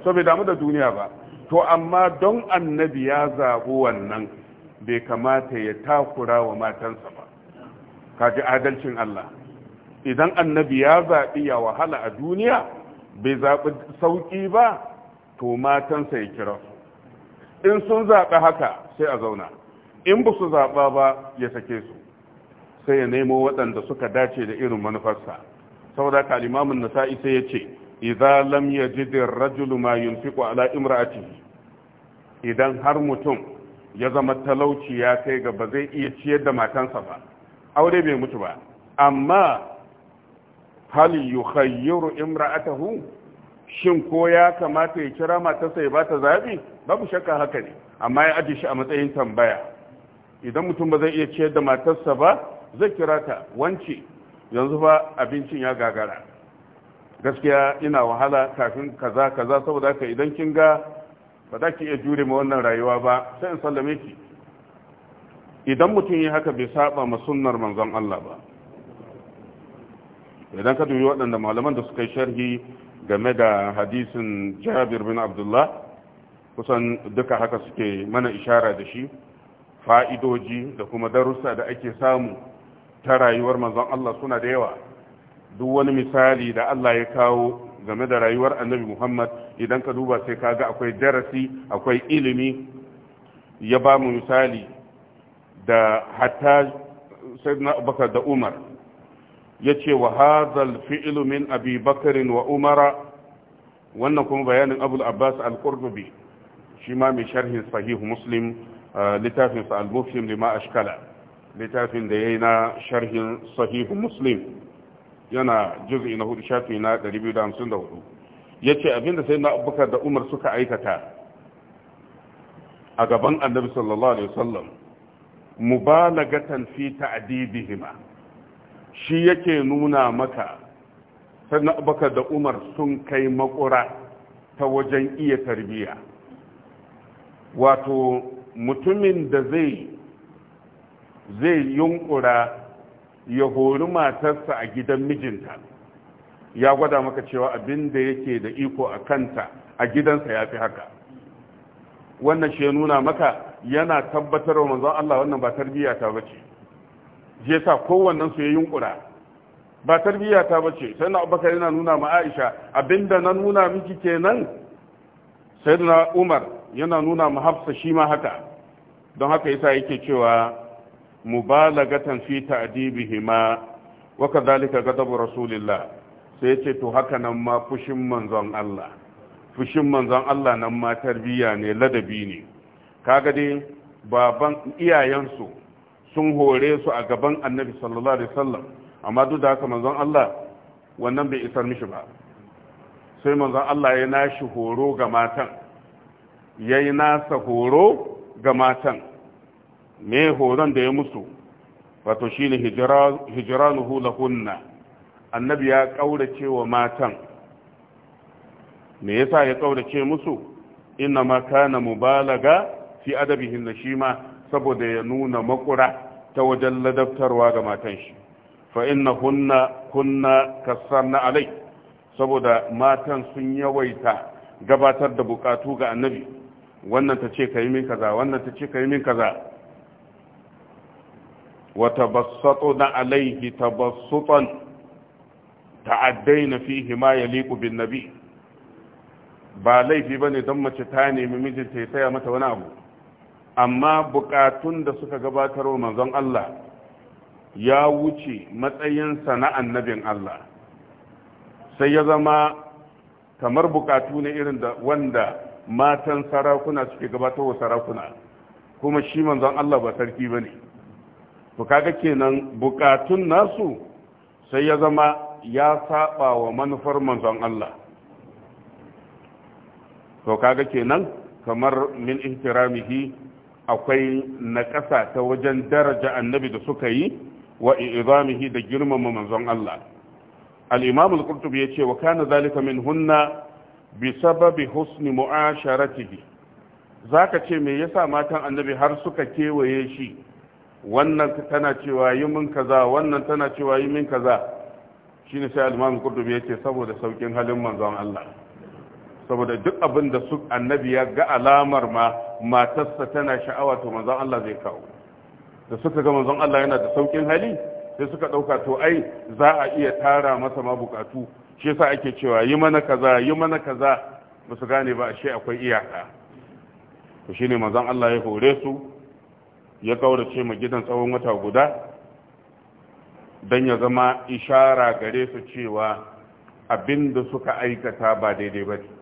so bai damu da duniya ba to amma don annabi ya zabo wannan bai kamata ya takura wa matansa ba kaji adalcin Allah idan annabi ya zaɓi ya wahala a duniya bai zaɓi sauƙi ba to matansa ya kira in sun zaɓi haka sai a zauna in ba su zaɓa ba ya sake su sai ya nemo waɗanda suka dace da irin manufarsa saboda ka limamin nasa'i sai ya ce idan lam yajid ar-rajul ma ala idan har mutum ya zama talauci ya kai ga ba zai iya ciyar da matansa ba aure bai mutu ba amma hal yukhayyiru imra'atahu shin ko ya kamata ya kira matarsa ya bata zabi babu shakka haka ne amma ya aje shi a matsayin tambaya idan mutum ba zai iya ciyar da matarsa ba zai kira ta wance yanzu ba abincin ya gagara gaskiya ina wahala kafin kaza kaza saboda haka idan kin ga ba za ki iya jure ma wannan rayuwa ba sai in sallame ki idan mutum yi haka bai saba ma sunnar manzon Allah ba idan ka dubi waɗanda malaman da suka yi sharhi game da hadisin jabir bin abdullah kusan duka haka suke mana ishara da shi fa'idoji da kuma darussa da ake samu ta rayuwar manzon Allah suna da yawa duk wani misali da Allah ya kawo game da rayuwar annabi Muhammad idan ka duba sai kaga akwai darasi akwai ilimi ya ba mu misali da hatta sayyidina Abubakar da Umar yace wa hadhal fi'ilu min abi bakarin wa umara wannan kuma bayanin abu abbas al-qurtubi shi ma mai sharhin sahihu muslim littafin sa al-muslim lima ashkala littafin da ya yi na sharhin sahihu muslim yana jirgi na hudu shafi na 254 ce abinda sai na abubakar da umar suka aikata a gaban annabi sallallahu alaihi wasallam mubalagatan fi ta'dibihima shi yake nuna maka sannan abaka da umar sun kai makura ta wajen iya tarbiya wato mutumin da zai zai yunkura ya hori matarsa a gidan mijinta ya gwada maka cewa abin da yake da iko a kanta a gidansa ya fi haka wannan shi ya nuna maka yana tabbatar wa Allah wannan ba tarbiyya ta bace shi yasa kowannen su ya yunkura ba tarbiyya ta bace sai na abubakar yana nuna ma aisha abinda na nuna miki kenan sai na umar yana nuna ma hafsa shi ma haka don haka yasa yake cewa mubalagatan fi ta'dibihima wa kadhalika ghadabu rasulillah sai yace to haka nan ma fushin manzon Allah fushin manzon Allah nan ma tarbiyya ne ladabi ne kaga dai baban iyayensu sun hore su a gaban annabi sallallahu alaihi wasallam amma duk da haka manzon Allah wannan bai isar mishi ba sai manzon Allah ya nashi horo ga matan yayi nasa horo ga matan me horon da ya musu wato shine hijranuhu lahunna annabi ya kaurace wa matan me yasa ya kaurace musu inna ma kana mubalaga fi adabihin shima saboda ya nuna makura ta wajen ladabtarwa ga matan shi fa inna hunna kunna na alai saboda matan sun yawaita gabatar da bukatu ga annabi wannan ta ce ka yi min kaza wannan ta ce ka yi min kaza wa tabassatu na alaihi tabassutan ta'addaina fihi ma yaliqu bin nabi ba laifi bane don mace ta nemi mijinta ya saya mata wani abu amma bukatun da suka gabatar wa manzon Allah ya wuce matsayinsa na annabin Allah sai ya zama kamar bukatu ne irin da wanda matan sarakuna suke gabatar wa sarakuna kuma shi manzon Allah ba sarki ba ne to kaga kenan bukatun nasu sai ya zama ya saba wa manufar manzon Allah to kaga kenan kamar min ihtiramihi akwai naƙasa ta wajen daraja annabi da suka yi wa izamihi da girmama manzon Allah al-imam al-qurtubi yace wa kana zalika min hunna bi sababi husni mu'asharatihi zaka ce me yasa matan annabi har suka kewaye shi wannan tana cewa yi min kaza wannan tana cewa yi min kaza shine sai al-imam al-qurtubi yace saboda saukin halin manzon Allah saboda duk abin da su annabi ya ga alamar ma matarsa tana sha'awa to manzon Allah zai kawo da suka ga manzon Allah yana da saukin hali sai suka dauka to ai za a iya tara masa ma bukatu shi yasa ake cewa yi mana kaza yi mana kaza ba su gane ba shi akwai iyaka to shine manzon Allah ya hore su ya kaurace ma gidan tsawon wata guda dan ya zama ishara gare su cewa abinda suka aikata ba daidai ba ne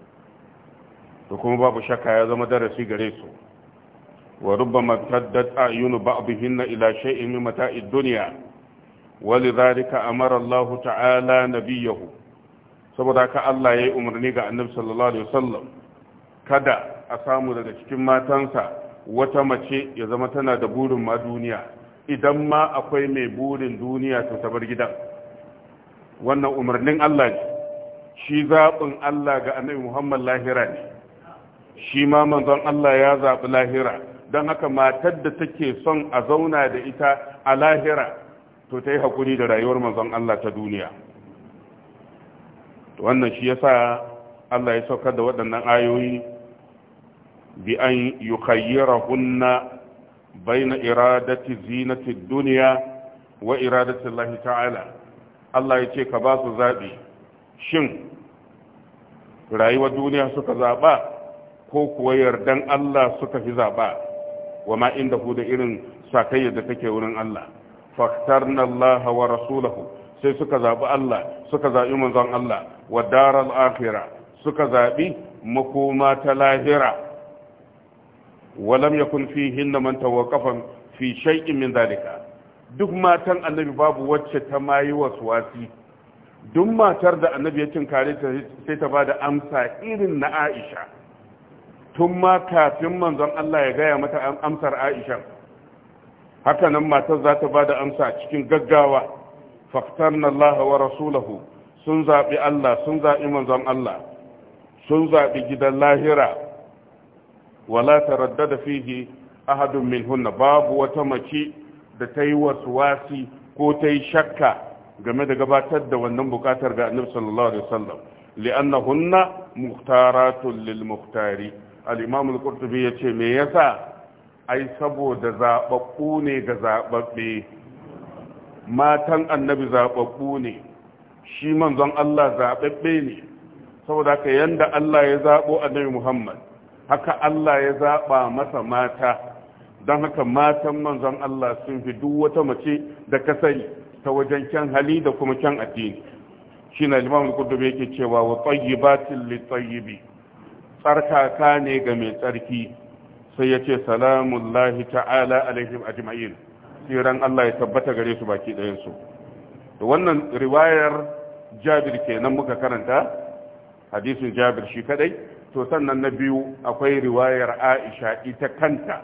Da kuma babu shakka ya zama darasi gare su wa rubbama taddat ayunu ba'dihinna ila shay'in min mata'id dunya walidhalika amara Allah ta'ala nabiyahu saboda ka Allah yayi umarni ga Annabi sallallahu alaihi wasallam kada a samu daga cikin matansa wata mace ya zama tana da burin ma duniya idan ma akwai mai burin duniya to ta bar gidan wannan umarnin Allah ne shi zaɓin Allah ga Annabi Muhammad lahira ne shi ma manzon Allah ya zaɓi lahira don haka matar da take son a zauna da ita a lahira to ta yi haƙuri da rayuwar manzon Allah ta duniya wannan shi yasa Allah ya saukar da waɗannan ayoyi bi an yukhayyirahunna baina iradati zinati duniya wa iradati Allah ta'ala Allah ya ce ka ba su zaɓi shin rayuwar duniya suka zaɓa ko kuwa yardan Allah suka fi zaɓa wa ma inda da irin sakayyar da take wurin Allah Faktar Allah wa rasulahu sai suka zaɓi Allah suka zaɓi manzon Allah wa daral akhira suka zaɓi makoma ta lahira walam yakun fihinna man tawaqqafa fi shay'in min zalika duk matan annabi babu wacce ta mayi waswasi duk matar da annabi ya tinkare ta sai ta bada amsa irin na Aisha tun ma kafin manzon Allah ya gaya mata amsar Aisha haka nan matar za ta da amsa cikin gaggawa faktar Allah wa rasulahu sun zaɓi Allah sun zaɓi manzon Allah sun zaɓi gidan lahira wala taraddada fihi ahadun hunna, babu wata mace da ta yi wasi ko ta yi shakka game da gabatar da wannan bukatar ga annabi sallallahu alaihi wasallam li'annahunna muhtaratun lil muhtari al-imam al-qurtubi yace me yasa ai saboda zababbu ne ga zababbe matan annabi zababbu ne shi manzon Allah zababbe ne saboda ka yanda Allah ya zabo annabi Muhammad haka Allah ya zaɓa masa mata don haka matan manzon Allah sun fi duk wata mace da ka ta wajen kyan hali da kuma kyan addini shi na limamin kudubi yake cewa wa tsayibatin li tsayibi tsarkaka ne ga mai tsarki sai ya ce salamullahi ta'ala alaihim ajma'in siran Allah ya tabbata gare su baki ɗayansu da wannan riwayar jabir kenan muka karanta hadisin jabir shi kadai to sannan na biyu akwai riwayar aisha ita kanta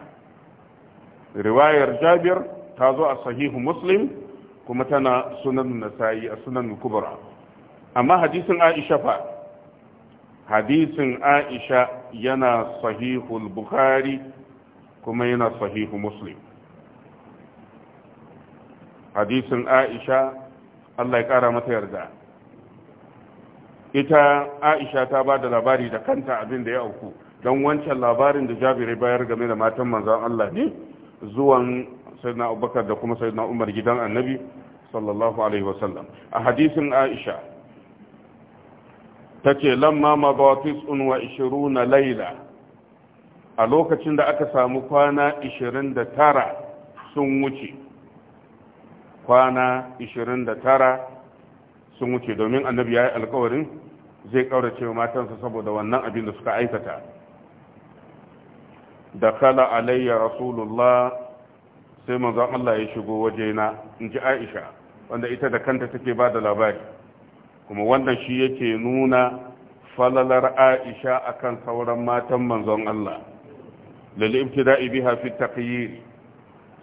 riwayar jabir ta zo a sahihu muslim kuma tana sunan nasayi a sunan kubra amma hadisin aisha fa hadisin aisha yana sahihul bukhari kuma yana sahihu muslim hadisin aisha allah ya kara mata yarda ita aisha ta ba da labari da kanta abin da ya auku don wancan labarin da jabirai bayar game da matan manzan allah ne zuwan sayyidina abubakar da kuma sayyidina umar gidan annabi sallallahu alaihi wasallam a hadisin aisha take lamma mabawatis un wa na laila a lokacin da aka samu kwana 29 sun wuce kwana 29 sun wuce domin annabi ya yi alkawarin zai kaurace matansa saboda wannan abin da suka aikata da kala alayya rasulullah sai manzan Allah ya shigo wajena in ji aisha wanda ita da kanta take ba da labari kuma wannan shi yake nuna falalar aisha akan sauran matan manzon Allah lil ibtida'i biha fi taqyir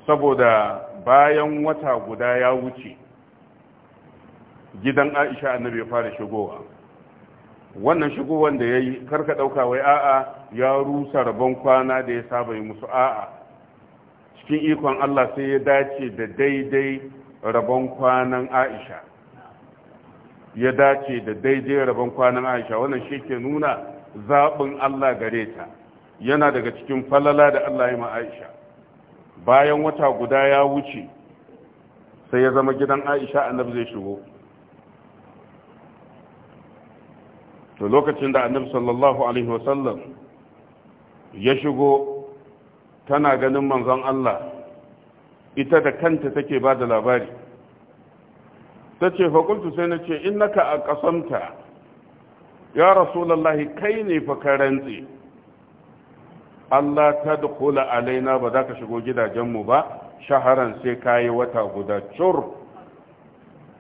saboda bayan wata guda ya wuce gidan aisha annabi ya fara shigowa wannan shigowar da yayi karka ɗauka wai a'a ya rusa rabon kwana da ya saba yi musu a'a cikin ikon allah sai ya dace da daidai rabon kwanan aisha ya dace da daidai rabon kwanan aisha wannan shi ke nuna zaɓin allah gare ta yana daga cikin falala da allah ya ma aisha bayan wata guda ya wuce sai ya zama gidan aisha annabi zai shigo to lokacin da annabi sallallahu alaihi wasallam ya shigo tana ganin manzon allah ita da kanta take ba da labari ta ce fakultu sai na ce in naka a kasanta ya rasulallahi kai ne fa ka Allah ta dukula alaina ba za ka shigo gidajenmu ba shaharan sai kayi wata guda cur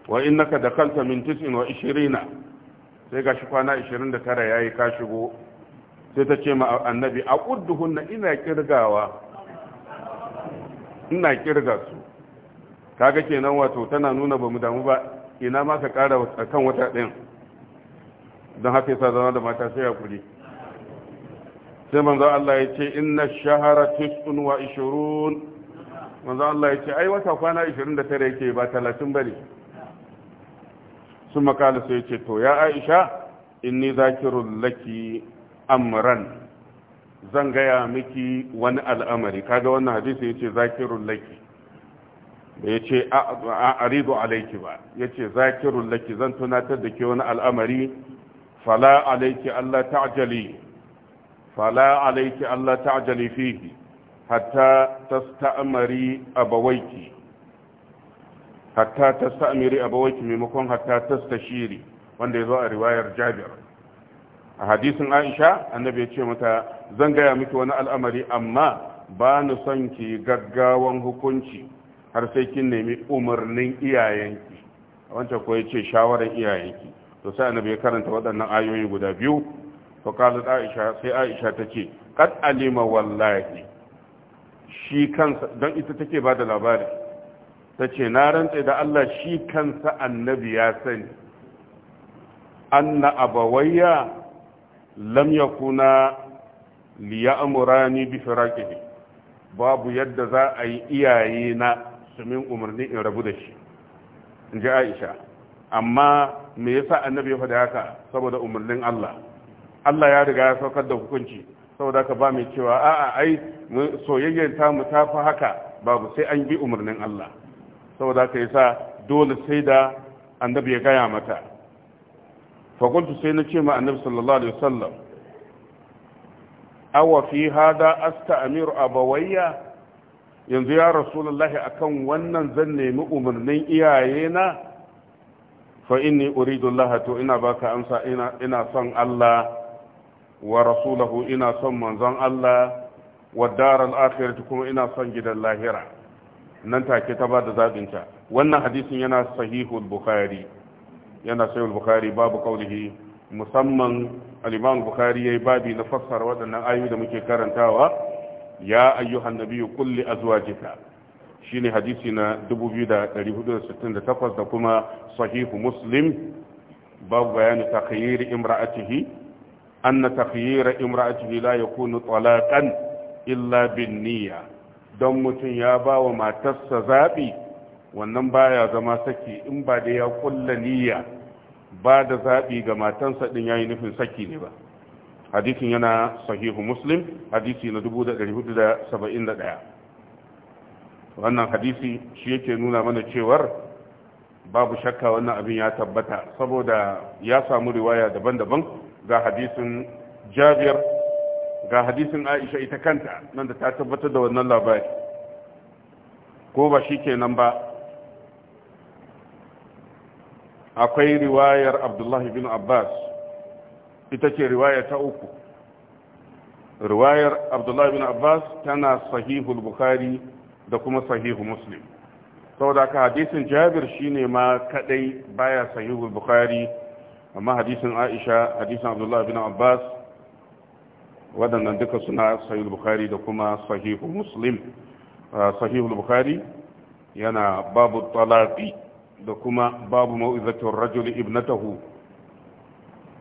wa in naka da kanta min wa ishirina sai ga shi kwana ishirin da tara ya yi ka shigo sai ta ce ma annabi a ƙudduhunna ina kirgawa ina kirga su kaga kenan wato tana nuna ba mu damu ba ina ma ka kara kan wata ɗin don haka yasa zama da mata sai hakuri sai manzo Allah ya ce inna shahara tis'un wa manzo Allah ya ce ai wata kwana 29 yake ba 30 bane sun makala sai yace to ya Aisha inni zakirul laki amran zan gaya miki wani al'amari kaga wannan hadisi yace zakirul laki da ya ce a aridu alaiki ba ya ce ki rullaki zan tunatar da ke wani al'amari fala alaiki Allah ta'jali fala alaiki Allah ta'jali fihi hatta a abawaiki hatta a abawaiki maimakon hatta ta shiri wanda ya zo a riwayar Jabir a hadisin Aisha annabi ya ce mata zan gaya miki wani al'amari amma ba ni son ki gaggawan hukunci har sai kin nemi umarnin iyayenki wancan ko yace shawaran iyayenki to sai annabi ya karanta waɗannan ayoyi guda biyu fa qalat aisha sai aisha tace qad alima wallahi shi kansa don ita take ba da labari ta ce na rantse da Allah shi kansa annabi ya sani anna abawayya lam yakuna liya'murani bi firaqihi babu yadda za a yi iyayena. su umarni in rabu da shi in ji aisha amma me yasa annabi ya faɗi haka saboda umarnin Allah Allah ya riga ya saukar da hukunci saboda ka ba mai cewa a'a ai soyayyar ta mu ta fi haka babu sai an bi umarnin Allah saboda ka yasa dole sai da annabi ya gaya mata fakuntu sai na ce ma annabi sallallahu alaihi wasallam awa fi hada asta amiru abawayya yanzu ya rasulullahi akan wannan zan nemi umarnin iyayena fa inni uridu to ina baka amsa ina ina son Allah wa rasulahu ina son manzon Allah wa daral akhirati kuma ina son gidan lahira nan take ta bada zabin ta wannan hadisin yana sahihul bukhari yana sahihul bukhari babu qaulihi musamman al-imam bukhari yayi babi na fassara waɗannan ayoyi da muke karantawa ya ayyuhan nabiyyu qul li azwajika shine hadisi na 2468 da kuma sahihu muslim babu bayani takhyir imra'atihi anna takhyir imra'atihi la yakunu talaqan illa bin niyya don mutum ya ba wa matarsa zaɓi wannan baya zama saki in ba da ya kulla niyya ba da zaɓi ga matansa ɗin ya yi nufin saki ne ba hadisin yana sahihu muslim hadisi na 471 wannan hadisi shi yake nuna mana cewar babu shakka wannan abin ya tabbata saboda ya samu riwaya daban-daban ga hadisin jabir ga hadisin aisha ita kanta nan da ta tabbatar da wannan labari ko ba shi kenan ba akwai riwayar abdullahi bin abbas ita ce riwaya ta uku riwayar abdullahi bin abbas tana sahihul bukhari da kuma sahihu muslim saboda ka hadisin jabir shine ma kadai baya sahihul bukhari amma hadisin aisha hadisin abdullahi bin abbas waɗannan duka suna sahihul bukhari da kuma sahihu muslim ah, sahihul bukhari yana babu talaqi da kuma babu mau'izatul rajuli ibnatahu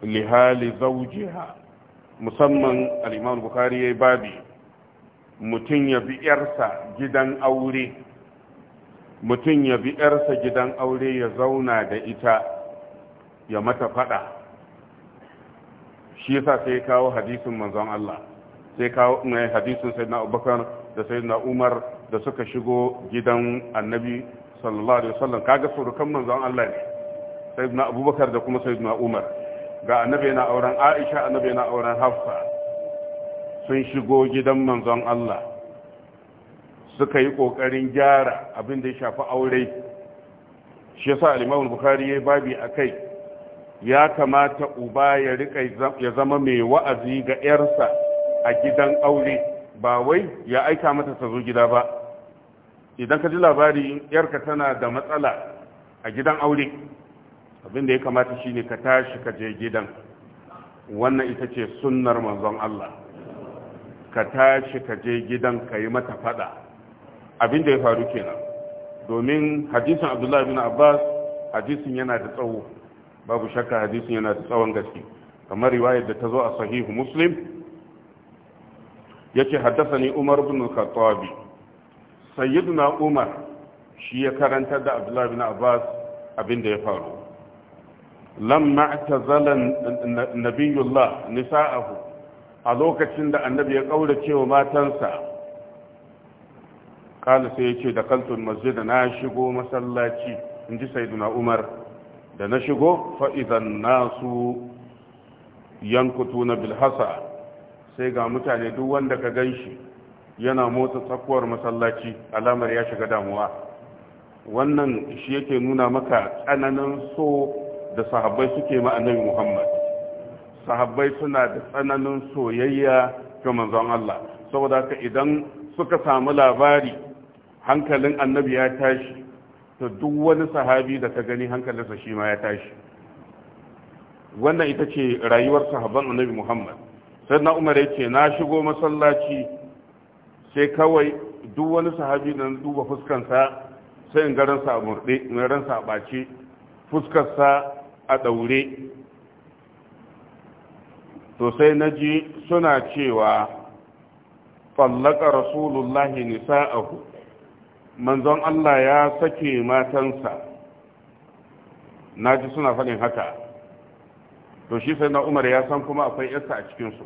lihali zaujiha musamman al'imam bukari ya yi babi mutum ya bi ‘yarsa gidan aure mutum ya bi ‘yarsa gidan aure ya zauna da ita ya mata fada shi yasa sai kawo hadisin manzon Allah sai kawo eh, hadisin sayyidina Abubakar da sayyidina Umar da suka shigo gidan annabi sallallahu alaihi wasallam kaga surukan manzon Allah ne sayyidina Abubakar da kuma sayyidina Umar ga annabi yana auren aisha annabi yana auren hafsa sun shigo gidan manzon Allah suka yi kokarin gyara abin da ya shafi aure shi yasa al-Imam Bukhari yayi babi akai ya kamata uba ya rika ya zama mai wa'azi ga yarsa a gidan aure ba wai ya aika mata ta zo gida ba idan ka ji labari yarka tana da matsala a gidan aure abin da ya kamata shine ka tashi ka je gidan wannan ita ce sunnar manzon Allah ka tashi ka je gidan ka yi mata fada abin da ya faru kenan domin hadisin abdullahi bin abbas hadisin yana da tsawo babu shakka hadisin yana da tsawon gaske kamar riwayar da ta zo a sahihu muslim yace haddathani umar bin al-khattab sayyiduna umar shi ya karantar da abdullahi bin abbas abin da ya faru lamma tazala nabiyullah nisa'ahu a lokacin da annabi ya ƙaurace wa matansa kala sai yace da kaltul masjid na shigo masallaci inji sayyiduna umar da na shigo fa idan nasu yankutuna bil hasa sai ga mutane duk wanda ka ganshi yana motsa tsakuwar masallaci alamar ya shiga damuwa wannan shi yake nuna maka tsananin so da sahabbai suke ma annabi Muhammad sahabbai suna da tsananin soyayya ga manzon Allah saboda haka idan suka samu labari hankalin annabi ya tashi ta duk wani sahabi da ka gani hankalinsa shi ma ya tashi wannan ita ce rayuwar sahabban annabi Muhammad sai na umar yake na shigo masallaci sai kawai duk wani sahabi da na duba fuskansa sai in garansa a murɗe garansa a ɓace fuskarsa a ɗaure sosai na ji suna cewa fallaka rasulullahi nisa'ahu manzon Allah ya sake matansa na ji suna faɗin haka to shi sai na umar ya san kuma akwai yasa a cikinsu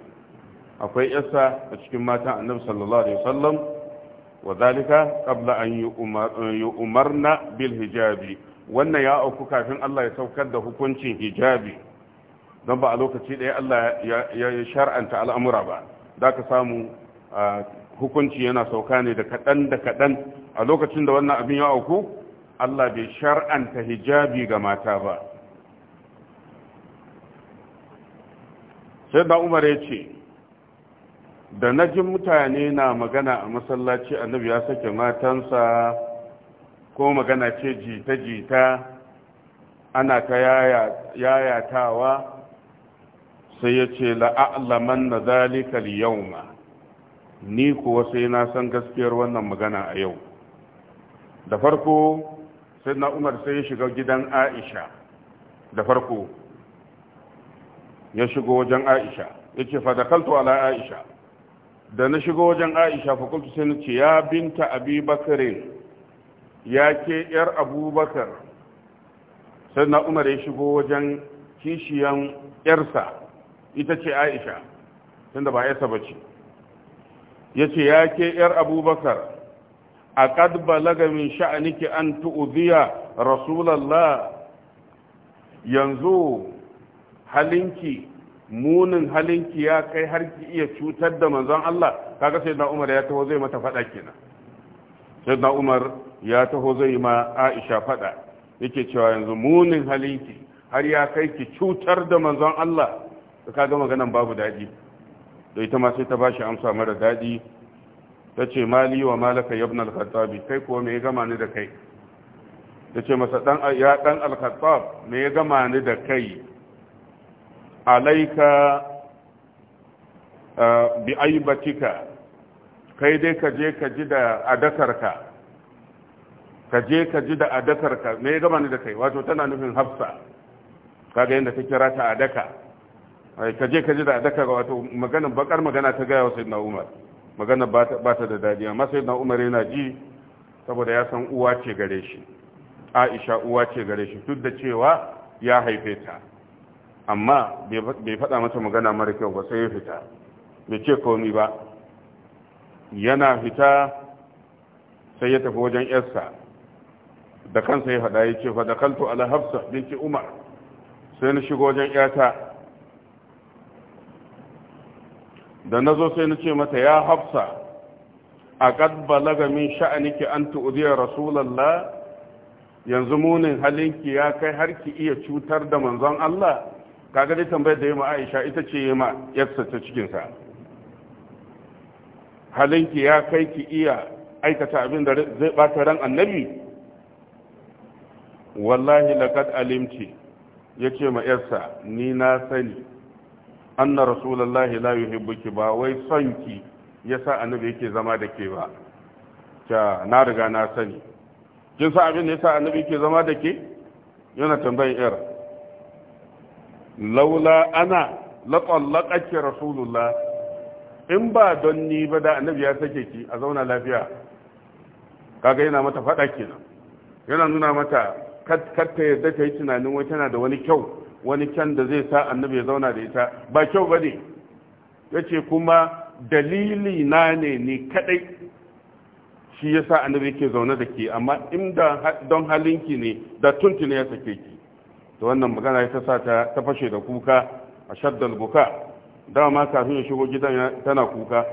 akwai yasa a cikin matan annabi sallallahu alaihi wasallam wa zalika qabla an yu'marna bil hijabi wannan ya auku kafin Allah ya saukar da hukuncin hijabi don ba a lokaci ɗaya Allah ya shar'anta al'amura ba za ka samu hukunci yana sauka ne da kaɗan da kaɗan a lokacin da wannan abin ya auku Allah bai shar'anta hijabi ga mata ba sai da umar ya ce da na ji mutane na magana a masallaci annabi ya sake matansa ko magana ce jita-jita ana ta yayatawa sai ya ce la'a'laman na zalikal yau ma ni kuwa sai na san gaskiyar wannan magana a yau da farko sai na umar sai ya shiga gidan aisha da farko ya shigo wajen aisha ya ce fadakaltu ala aisha da na shigo wajen aisha fakultu sai na ce ya binta abi bakare ya ke yar abubakar sai na umar ya shigo wajen kishiyan yarsa ita ce aisha tunda ba yarsa ba ce ya ce ya ke yar abubakar a Kadba lagamin sha'aniki an biya, rasulallah yanzu halinki munin halinki ya kai har ki iya cutar da manzon Allah kaga sai na Umar ya taho zai mata faɗa kenan sayyidina umar ya taho zai ma aisha fada yake cewa yanzu munin halinki har ya kai ki cutar da manzon Allah da kaga maganan babu dadi da ita ma sai ta bashi amsa mara dadi ta ce mali wa malaka ibn al-khattabi kai ko me ya gama ni da kai ta ce masa dan ya dan al-khattab me ya gama ni da kai alaika eh, bi aibatika kai dai ka je ka ji da adakarka ka je ka ji da adakarka me ya gama ni da kai wato tana nufin hafsa kaga yadda ta kira ta adaka ka je ka ji da adaka wato magana bakar magana ta gaya wa sayyidina umar magana ba ta da dadi amma sayyidina umar yana ji saboda ya san uwa ce gare shi aisha uwa ce gare shi duk da cewa ya haife ta amma bai faɗa mata magana mara kyau ba sai ya fita bai ce komi ba yana fita sai ya tafi wajen yarsa da kansa ya faɗa ya ce fa kaltu ala hafsa binti umar sai na shigo wajen yata da na zo sai na ce mata ya hafsa a kad balaga min sha'aniki an tu'ziya rasulallah yanzu munin halinki ya kai har ki iya cutar da manzon Allah kaga dai tambayar da ya ma Aisha ita ce ya ma yarsa ta cikinsa halinki ya kai ki iya aikata abin da zai bata ran annabi wallahi laqad alimti yace ma yarsa ni na sani anna rasulullahi la yuhibbuki ba wai sonki yasa annabi yake zama da ke ba ta na riga na sani kin sa abin da yasa annabi yake zama da ke yana tambayar. yar laula ana ki rasulullahi in ba don ni ba da annabi ya sake ki a zauna lafiya kaga yana mata faɗa kenan yana nuna mata katta yadda ta yi tunanin wai tana da wani kyau wani kyan da zai sa annabi ya zauna da ita ba kyau ba ne ya ce kuma dalili na ne ni kadai shi ya sa annabi ke zaune da ke amma inda don halinki ne da tuntuni ya sake ki da wannan magana ya ta sa ta fashe da kuka a shaddal buka dama kafin ya shigo gidan tana kuka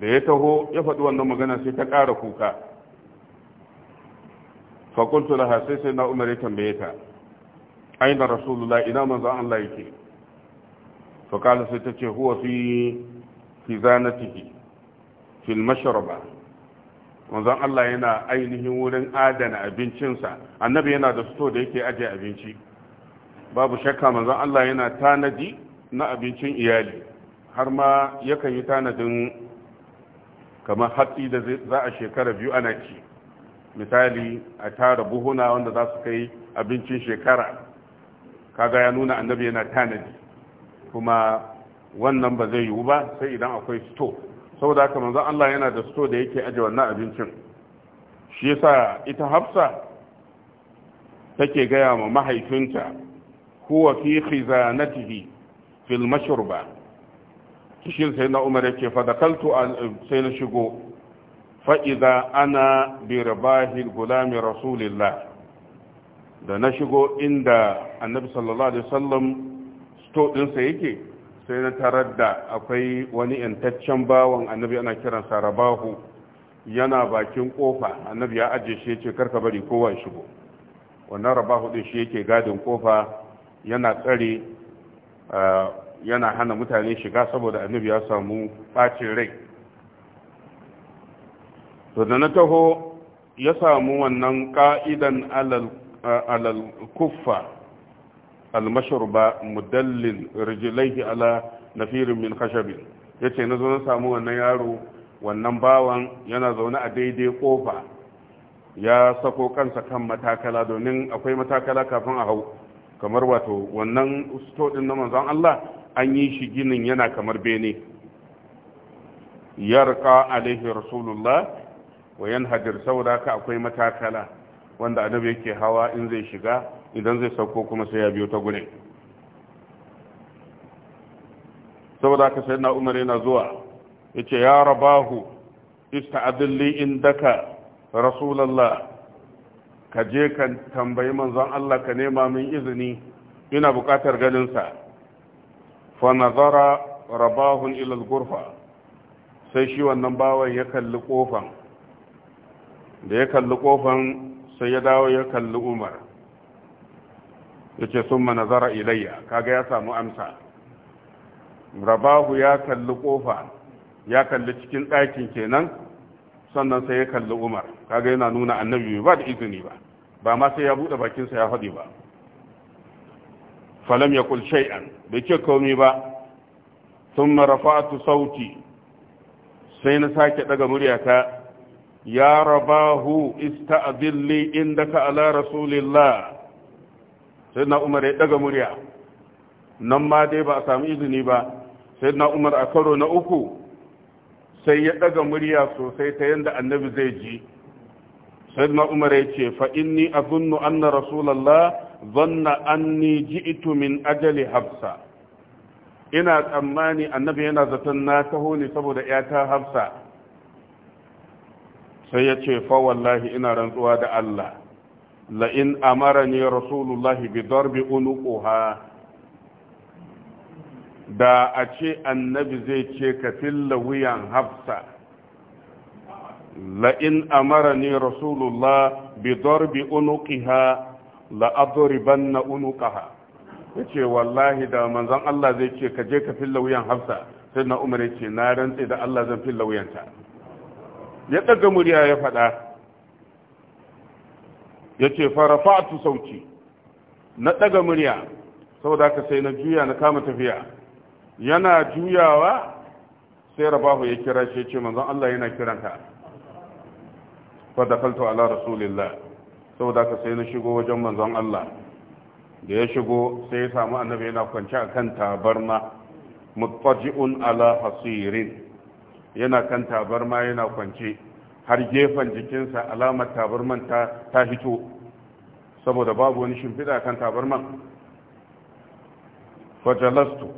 da ya taho ya faɗi wannan magana sai ta ƙara kuka faƙuntu da sai sai na umar ya tambaye ta aina rasulullah ina manzan Allah yake faƙala sai ta ce huwa fi fi zanatihi fil masharaba manzan Allah yana ainihin wurin adana abincinsa annabi yana da suto da yake ajiye abinci babu shakka manzan Allah yana tanadi na abincin iyali har ma yakan yi tanadin kamar hatsi da za a shekara biyu ana ci misali a tara buhuna wanda za su kai abincin shekara kaga ya nuna annabi yana tanadi kuma wannan ba zai yiwu ba sai idan akwai sto saboda haka manzon Allah yana da sto da yake aje wannan abincin shi yasa ita Hafsa take gaya ma mahaifinta huwa fi khizanatihi fil mashurba shi sai na umar yake fa dakaltu sai na shigo fa idza ana bi rabahi gulami rasulillah da na shigo inda annabi sallallahu alaihi wasallam sto dinsa yake sai na tarar da akwai wani yantaccen bawan annabi ana kiransa rabahu yana bakin kofa annabi ya aje shi yace karka bari kowa shigo wannan rabahu din shi yake gadin kofa yana tsare yana hana mutane shiga saboda annabi ya samu ɓacin rai to da na taho ya samu wannan ka'idan alal kuffa almashurba mudallin rijilaihi ala nafirin min khashabin ya ce na zo na samu wannan yaro wannan bawan yana zaune a daidai kofa ya sako kansa kan matakala domin akwai matakala kafin a hau kamar wato wannan sto din na manzon Allah an yi shi ginin yana kamar bene yarqa alaihi rasulullah wa yanhadir saboda ka akwai matakala wanda annabi yake hawa in zai shiga idan zai sauko kuma sai ya biyo ta gure saboda ka sai na umar yana zuwa yace ya rabahu ista'adilli indaka rasulullah ka je ka tambayi manzon Allah ka nema min izini ina buƙatar ganinsa fa nazara rabahun ila al-ghurfa sai shi wannan bawan ya kalli kofan da ya kalli kofan sai ya dawo ya kalli Umar yace summa nazara ilayya kaga ya samu amsa rabahu ya kalli kofa ya kalli cikin ɗakin kenan sannan sai ya kalli umar kaga yana nuna annabi ba da izini ba ba ma sai ya bakin bakinsa ya faɗi ba falam ya kul shay'an bai ce komai ba thumma rafa'tu sauti sai na sake daga muryata ya rabahu ista'dilli indaka ala rasulillah sai na umar ya daga murya nan ma dai ba a samu izini ba sai na umar a karo na uku sai ya daga murya sosai ta yadda annabi zai ji na umar ya ce fa inni azunnu anna rasulullah zanna ji ji'tu min ajali habsa ina tsammani annabi yana zaton na taho ne saboda yata hafsa sai ya ce fa wallahi ina rantsuwa da Allah la'in amara ne rasulullahi bi darbi unuquha da a ce annabi zai ce ka filla wuyan hafsa la'in amara ne rasulullah bi darbi unuqiha la'aduriban na unuqaha ya ce wallahi da manzon Allah zai ce ka je ka filla wuyan hafsa sai na umar ce na rantse da Allah zan filla wuyanta ya ɗaga murya ya faɗa ya ce farafatu sauci, na ɗaga murya saboda haka sai na juya na kama tafiya yana juyawa sai rabahu ya kira shi ce manzon Allah yana kiranta fa dakaltu ala rasulillah saboda ka sai na shigo wajen manzon Allah da ya shigo sai ya samu annabi yana kwance akan tabarma mutfajiun ala hasirin yana kan tabarma yana kwance har gefen jikinsa alamar tabarman ta ta hito saboda babu wani shimfiɗa kan tabarman jalastu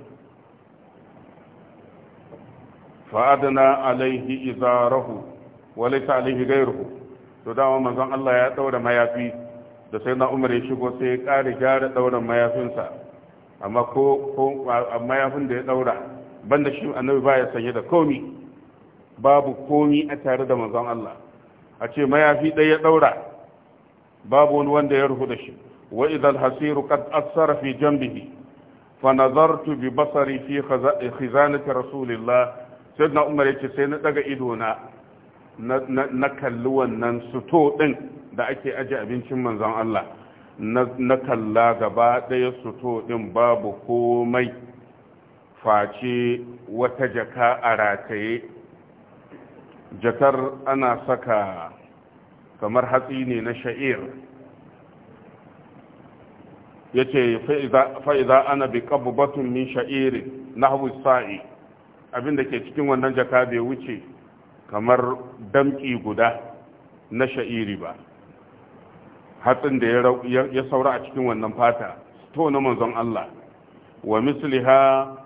fa'adana alaihi izarahu walaita alaihi gairuhu to dama manzon Allah ya daura mayafi da sai na umar ya shigo sai ya kare gyara daura mayafinsa amma ko ko mayafin da ya daura banda shi annabi baya sanye da komi babu komi a tare da manzon Allah a ce mayafi dai ya daura babu wani wanda ya ruhu da shi wa idan hasiru qad asara fi janbihi fa nazartu bi basari fi khizanati rasulillah na umar yake sai na daga ido na na kalli wannan suto din da ake aje abincin manzon Allah na kalla gaba daya suto din babu komai face wata jaka a rataye jakar ana saka kamar hatsi ne na sha'ir ya ce fa'iza ana bi ƙabubatun min sha'irin na sa'i abin da ke cikin wannan jaka bai wuce kamar damki guda na sha'iri ba hatsin da ya saura a cikin wannan fata to na manzon Allah wa misliha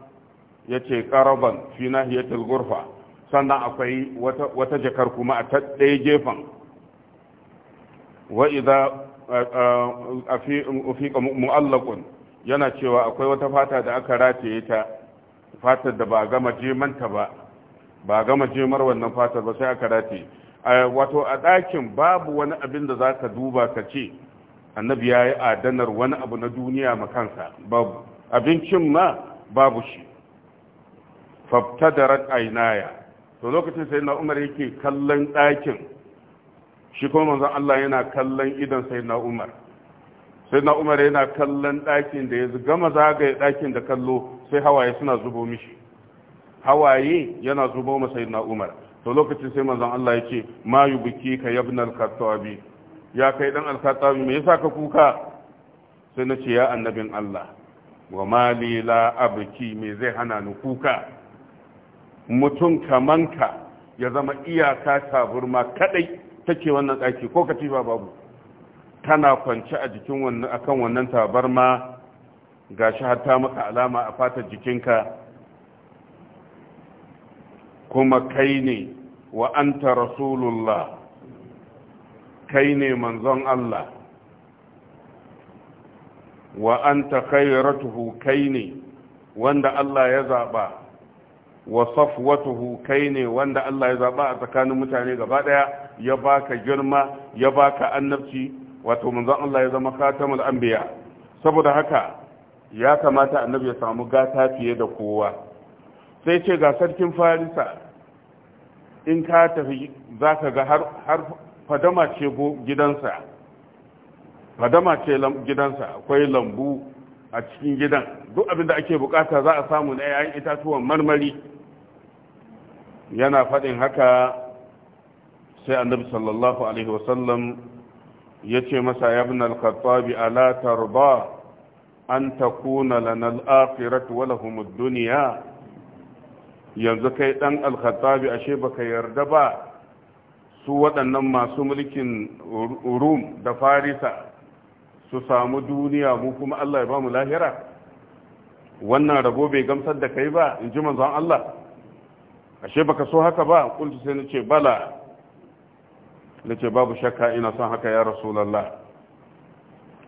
yace qaraban fi nahiyatil ghurfa sannan akwai wata jakar kuma a ta ɗaya gefen wa idza afi mu'allaqun yana cewa akwai wata fata da aka rataye ta fatar da ba gama jemanta ba ba gama jemar wannan fatar ba sai aka dace wato a ɗakin babu wani abin da za ka duba ka ce annabi ya yi adanar wani abu na duniya ma babu abincin ma babu shi da ainaya to lokacin sai na umar yake kallon ɗakin shi kuma manzon Allah yana kallon idan sai na umar sai na umar yana kallon ɗakin da ya gama zagaye ɗakin da kallo sai hawaye suna zubo mishi hawaye yana zubo masa na umar to lokacin sai manzon Allah ya ce ma yubuki ka yabna al-khattabi ya kai dan al-khattabi me yasa ka kuka sai na ce ya annabin Allah wa mali la abki me zai hana ni kuka mutum kamanka ya zama iyaka taburma kadai take wannan ɗaki ko katifa babu tana kwance a jikin wannan akan wannan tabarma gashi har ta maka alama a fatar jikinka kuma kai ne wa anta rasulullah kai ne manzon Allah wa anta khairatuhu kai ne wanda Allah ya zaba wa safwatuhu kai ne wanda Allah ya zaba a tsakanin mutane gaba daya ya baka girma ya baka annabci wato manzon Allah ya zama khatamul anbiya saboda haka ya kamata annabi ya samu gata fiye da kowa sai ce ga sarkin farisa in ka tafi za ka ga har fadama ce gidansa fadama ce gidansa akwai lambu a cikin gidan duk abin da ake bukata za a samu na 'ya'yan itatuwan marmari yana faɗin haka sai annabi sallallahu alaihi wasallam ya ce masa ya bin khattabi ala ba, an ta lana al-akhirat wa lahum yanzu kai dan al ashe baka yarda ba su waɗannan masu mulkin rum da farisa su samu duniya mu kuma Allah ya ba mu lahira wannan rabo bai gamsar da kai ba in ji manzon Allah ashe baka so haka ba kuntu sai nace bala da ce babu shakka ina son haka ya rasulallah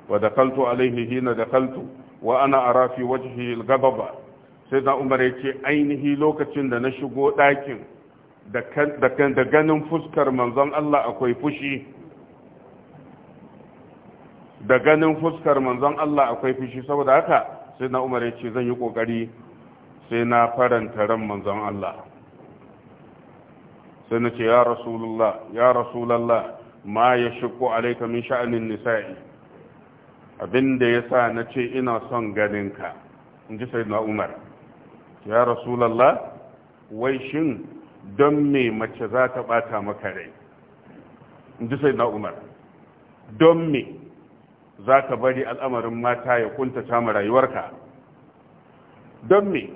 wa da kaltu alaihi hina da kaltu wa ana rafi fi wajhi gababa sai da umar ya ce ainihi lokacin da na shigo ɗakin da ganin fuskar manzon Allah akwai fushi da ganin fuskar manzon Allah akwai fushi saboda haka sai na umar ya ce zan yi ƙoƙari sai na faranta ran manzon Allah sai na ce ya rasulullah ya rasulallah ma ya shiko alaika min sha'anin nisa'i abinda ya sa na ce ina son ganinka in ji sai na umar ya rasulallah wai shin don me mace za ta bata maka rai in ji sai na umar don me za ka bari al'amarin mata ya kuntata ma rayuwarka don me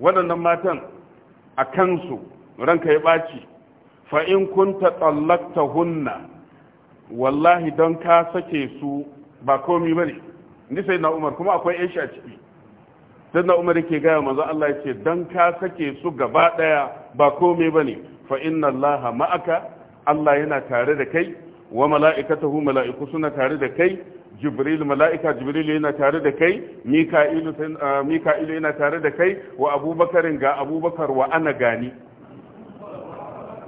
waɗannan matan a kansu ranka ya ɓaci fa in kunta tsallakta wallahi don ka sake su ba komi ba ne ni sai na umar kuma akwai yan shi a ciki don na umar yake gaya manzo Allah ya ce don ka sake su gaba daya ba komi ba ne fa inna Allah ma'aka Allah yana tare da kai wa mala'ikatahu mala'iku suna tare da kai jibril mala'ika jibril yana tare da kai mika'ilu ah, yana tare da kai wa abubakarin ga abubakar wa ana gani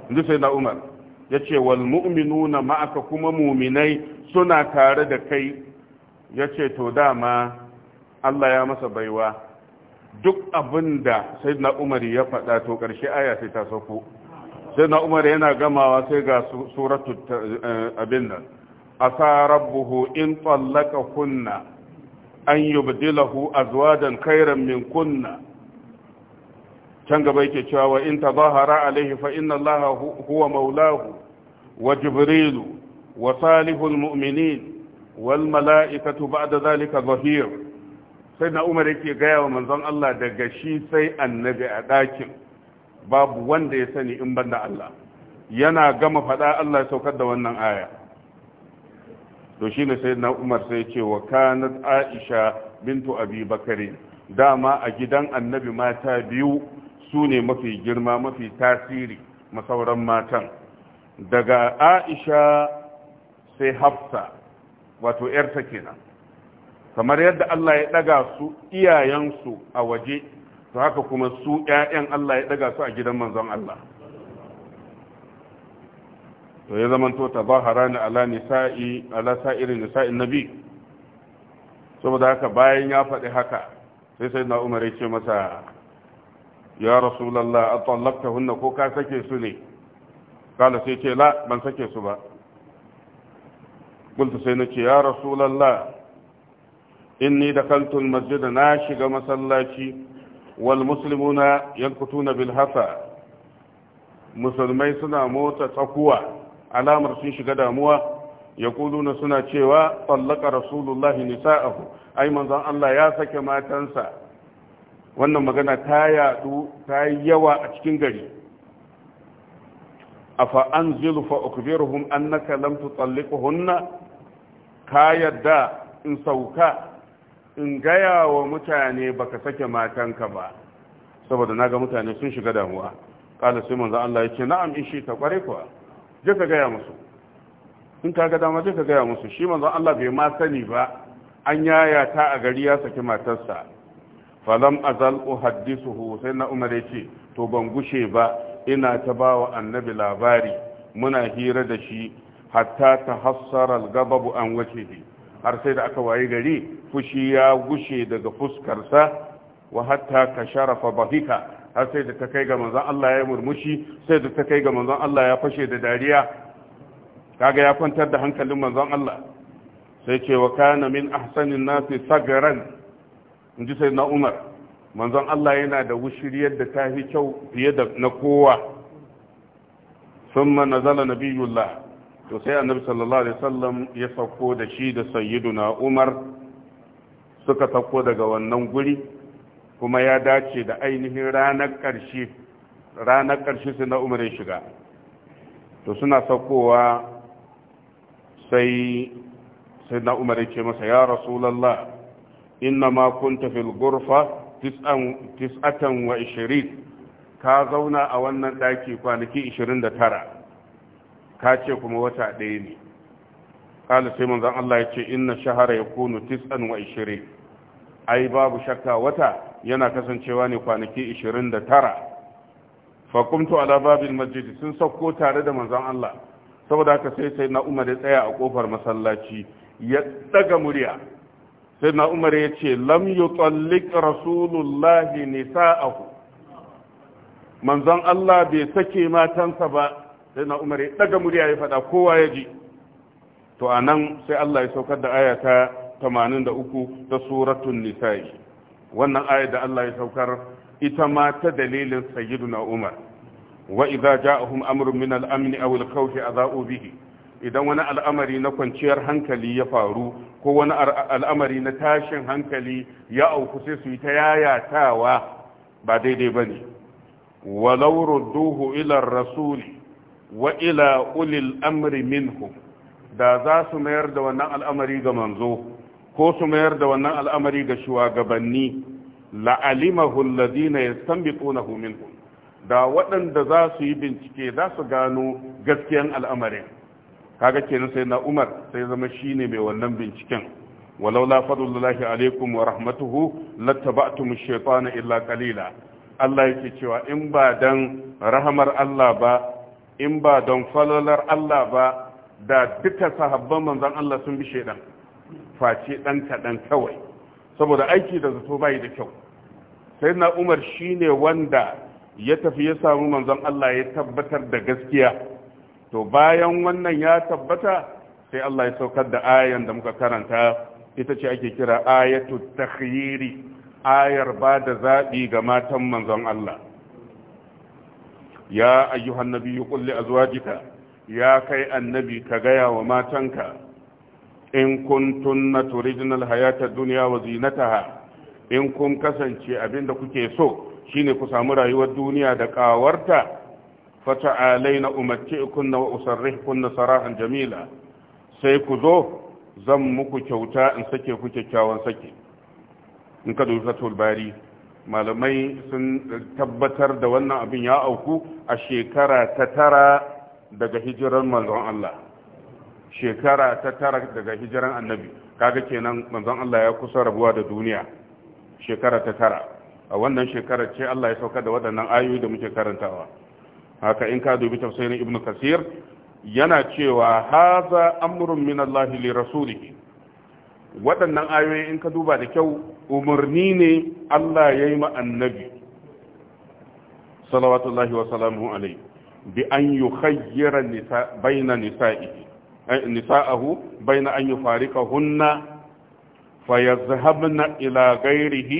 inda sai na umar ya wal mu'minuna ma'aka kuma muminai suna tare da kai ya ce to dama Allah ya masa baiwa duk abinda da sai na umar ya faɗa to ƙarshe aya sai ta sauko sai na umar yana gamawa sai ga suratu eh, abin nan asa rabbuhu in tsallaka kunna an yubdilahu azwajan khairan min kunna can gaba yake cewa wa in tazahara alaihi fa inna allaha huwa maulahu wa jibrilu wa salihul mu'minin wal mala'ikatu ba'da zalika zahir sai na umar yake gaya wa manzon Allah daga shi sai annabi a ɗakin babu wanda ya sani in banda Allah yana gama faɗa Allah ya saukar da wannan aya to shi ne sai na umar sai ce wa kanat aisha bintu abi bakari dama a gidan annabi mata biyu su ne mafi girma mafi tasiri masauran matan daga aisha sai hafsa wato yarta kenan kamar yadda Allah ya daga su iyayensu a waje to haka kuma su ƴaƴan Allah ya daga su a gidan manzon Allah to ya zamanto ta ala nisa'i ala sa'irin nisa'in nabi saboda haka bayan ya faɗi haka sai sai na umar ya ce masa ya rasulallah a tsallabta hunna ko ka sake su ne kala sai ce la ban sake su ba kulta sai na ce ya rasulallah ni da kantun masjida na shiga masallaci wal muslimuna yankutuna bil hasa musulmai suna motsa tsakuwa alamar sun shiga damuwa ya yaquluna suna cewa tsallaka rasulullahi nisa'ahu ai manzon Allah ya sake matansa wannan magana ta yadu ta yi yawa a cikin gari afa anzilu fa ukbiruhum annaka lam tutalliquhunna ka yadda in sauka in gaya wa mutane baka sake matanka ba saboda naga mutane sun shiga damuwa kala sai manzo Allah yake na'am in shi ta kware kuwa je ka gaya musu in ka ga dama je ka gaya musu shi manzo Allah bai ma sani ba an yaya ta a gari ya saki matarsa falam azal uhaddisuhu sai na umar ya ce to ban gushe ba ina ta ba wa annabi labari muna hira da shi hatta ta hassara gababu an wace har sai da aka waye gari fushi ya gushe daga fuskarsa wa hatta ka sharafa bahika har sai da ta kai ga manzon Allah ya murmushi sai da ta kai ga manzon Allah ya fashe da dariya kaga ya kwantar da hankalin manzon Allah sai ce wa kana min ahsanin nasi sagaran in ji sai na umar manzon Allah yana da wushiriyar da ta fi kyau fiye da na kowa sun ma nazala nabiyullah to sai annabi sallallahu alaihi wasallam ya sauko da shi da sayyiduna umar suka sauko daga wannan guri kuma ya dace da ainihin ranar ƙarshe ranar ƙarshe sai na umar ya shiga to suna saukowa sai sai na umar ya ce masa ya rasulallah innama kunta fil gurfa tis'atan wa ishirin ka zauna a wannan ɗaki kwanaki ishirin da tara ka ce kuma wata ɗaya ne ƙala sai manzan Allah ya ce in na shahara ya kunu tis'an wa ishirin ai babu shakka wata yana kasancewa ne kwanaki ishirin da tara fakumtu ala babil masjidi sun sauko tare da manzon Allah saboda haka sai sai na Umar ya tsaya a kofar masallaci ya daga murya sai na umar ya ce lam yi tsallik rasulullahi nisa'ahu manzon Allah bai sake matansa ba sai na umar ya ɗaga murya ya faɗa kowa ya ji to a nan sai Allah ya saukar da aya ta 83 ta suratun nisa'i wannan aya da Allah ya saukar ita ma ta dalilin sayyiduna umar wa idza ja'ahum amrun min al-amn aw al-khawf bihi idan wani al'amari na kwanciyar hankali ya faru ko wani al'amari na tashin hankali ya auku sai su yi ta yayatawa ba daidai ba ne walau duhu Ilar rasuli wa ila ulil amri minhum da za su mayar da wannan al'amari ga manzo ko su mayar da wannan al'amari ga shugabanni la'alimahu alladhina yastanbitunahu minhum da waɗanda za su yi bincike za su gano gaskiyan al'amarin kaga kenan sai na umar sai zama shine mai wannan binciken walaula fadlullahi alaikum wa rahmatuhu lattaba'tum ash-shaytana illa qalila Allah yake cewa in ba dan rahamar Allah ba in ba don falalar Allah ba da duka sahabban manzon Allah sun bi shaydan face dan kadan kawai saboda aiki da zato bai da kyau na Umar shine wanda ya tafi ya samu manzon Allah ya tabbatar da gaskiya to bayan wannan ya tabbata sai Allah ya saukar da ayan da muka karanta ita ce ake kira ayatu takhyiri ayar ba da zaɓi ga matan manzon Allah ya ayyuhan nabi qul li azwajika ya kai annabi ka gaya wa matanka in kuntunna turidna alhayata dunya wa zinataha in kun kasance abinda kuke so shine ku samu rayuwar duniya da kawarta fata'alaina umatti'kunna wa usarrihkunna sarahan jamila sai ku zo zan muku kyauta in sake ku kyakkyawan sake in ka dubi fatul bari malamai sun tabbatar da wannan abin ya auku a shekara ta tara daga hijiran manzon Allah shekara ta tara daga hijiran annabi kaga kenan manzon Allah ya kusa rabuwa da duniya shekara ta tara a wannan shekara ce Allah ya sauka da waɗannan ayoyi da muke karantawa haka in ka dubi tafsirin ibn kasir yana cewa haza amrun min Allah li rasulihi waɗannan ayoyi in ka duba da kyau umarni ne Allah ya yi ma annabi salawatullahi wa salamu alai bi an yukhayyira nisa baina nisa'ihi eh, nisa'ahu baina an yufariqahunna فيذهبن إلى غيره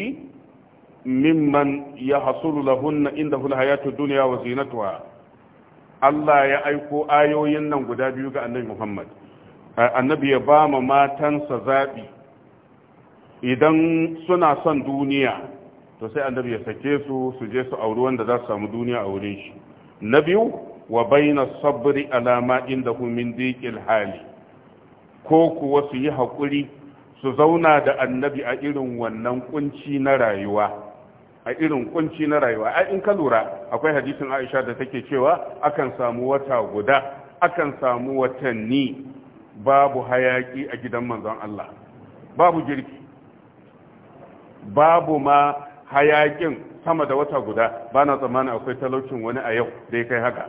ممن inda لهن عنده الحياة الدنيا وزينتها Allah ya aiko ayoyin nan guda biyu ga annabi Muhammad annabi ya ba ma matansa zaɓi idan suna son duniya to sai annabi ya sake su su je su auri wanda za su samu duniya a wurin shi na biyu wa baina sabri alama ma indahu min diqil hali ko kuwa su yi haƙuri su zauna da annabi a irin wannan ƙunci na rayuwa a irin kunci na rayuwa ai in ka lura akwai hadisin Aisha da take cewa akan samu wata guda akan samu watanni babu hayaki a gidan manzon Allah babu girki babu ma hayakin sama da wata guda ba na tsammanin akwai talaucin wani a yau da ya kai haka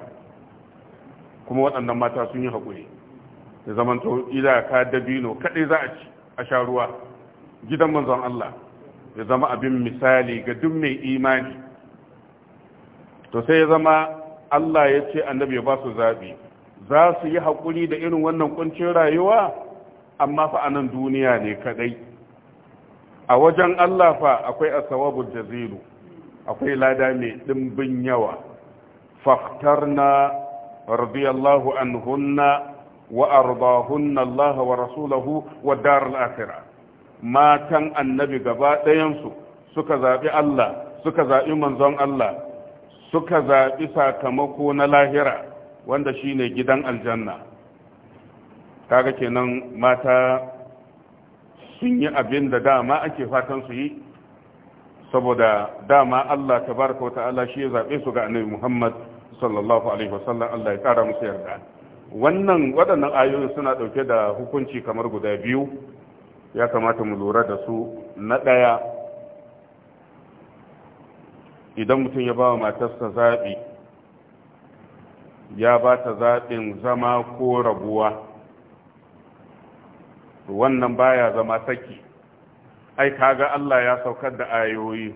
kuma waɗannan mata sun yi haƙuri da zamanto ila ka dabino kaɗai za a ci a sha ruwa gidan manzon Allah ya zama abin misali ga duk mai imani to sai ya zama Allah ya ce annabi ya ba su zaɓi za su yi haƙuri da irin wannan kuncin rayuwa amma fa a nan duniya ne kadai a wajen Allah fa akwai asawabu jaziru. akwai lada mai ɗimbin yawa faktarna radiyallahu anhunna wa ardahunna Allah wa rasulahu wa daral akhirah matan annabi gaba ɗayansu suka zaɓi Allah suka zaɓi manzon Allah suka zaɓi sakamako na lahira wanda shine gidan aljanna kaga kenan mata sun yi abin da dama ake fatan su yi saboda dama Allah tabaraka wa ta'ala shi ya zaɓe su ga annabi Muhammad sallallahu alaihi wasallam Allah ya kara musu yarda wannan waɗannan ayoyi suna ɗauke da hukunci kamar guda biyu ya kamata mu lura da su na ɗaya idan mutum ya ba wa matarsa zaɓi ya ba ta zaɓin zama ko rabuwa wannan baya zama saki ai kaga Allah ya saukar da ayoyi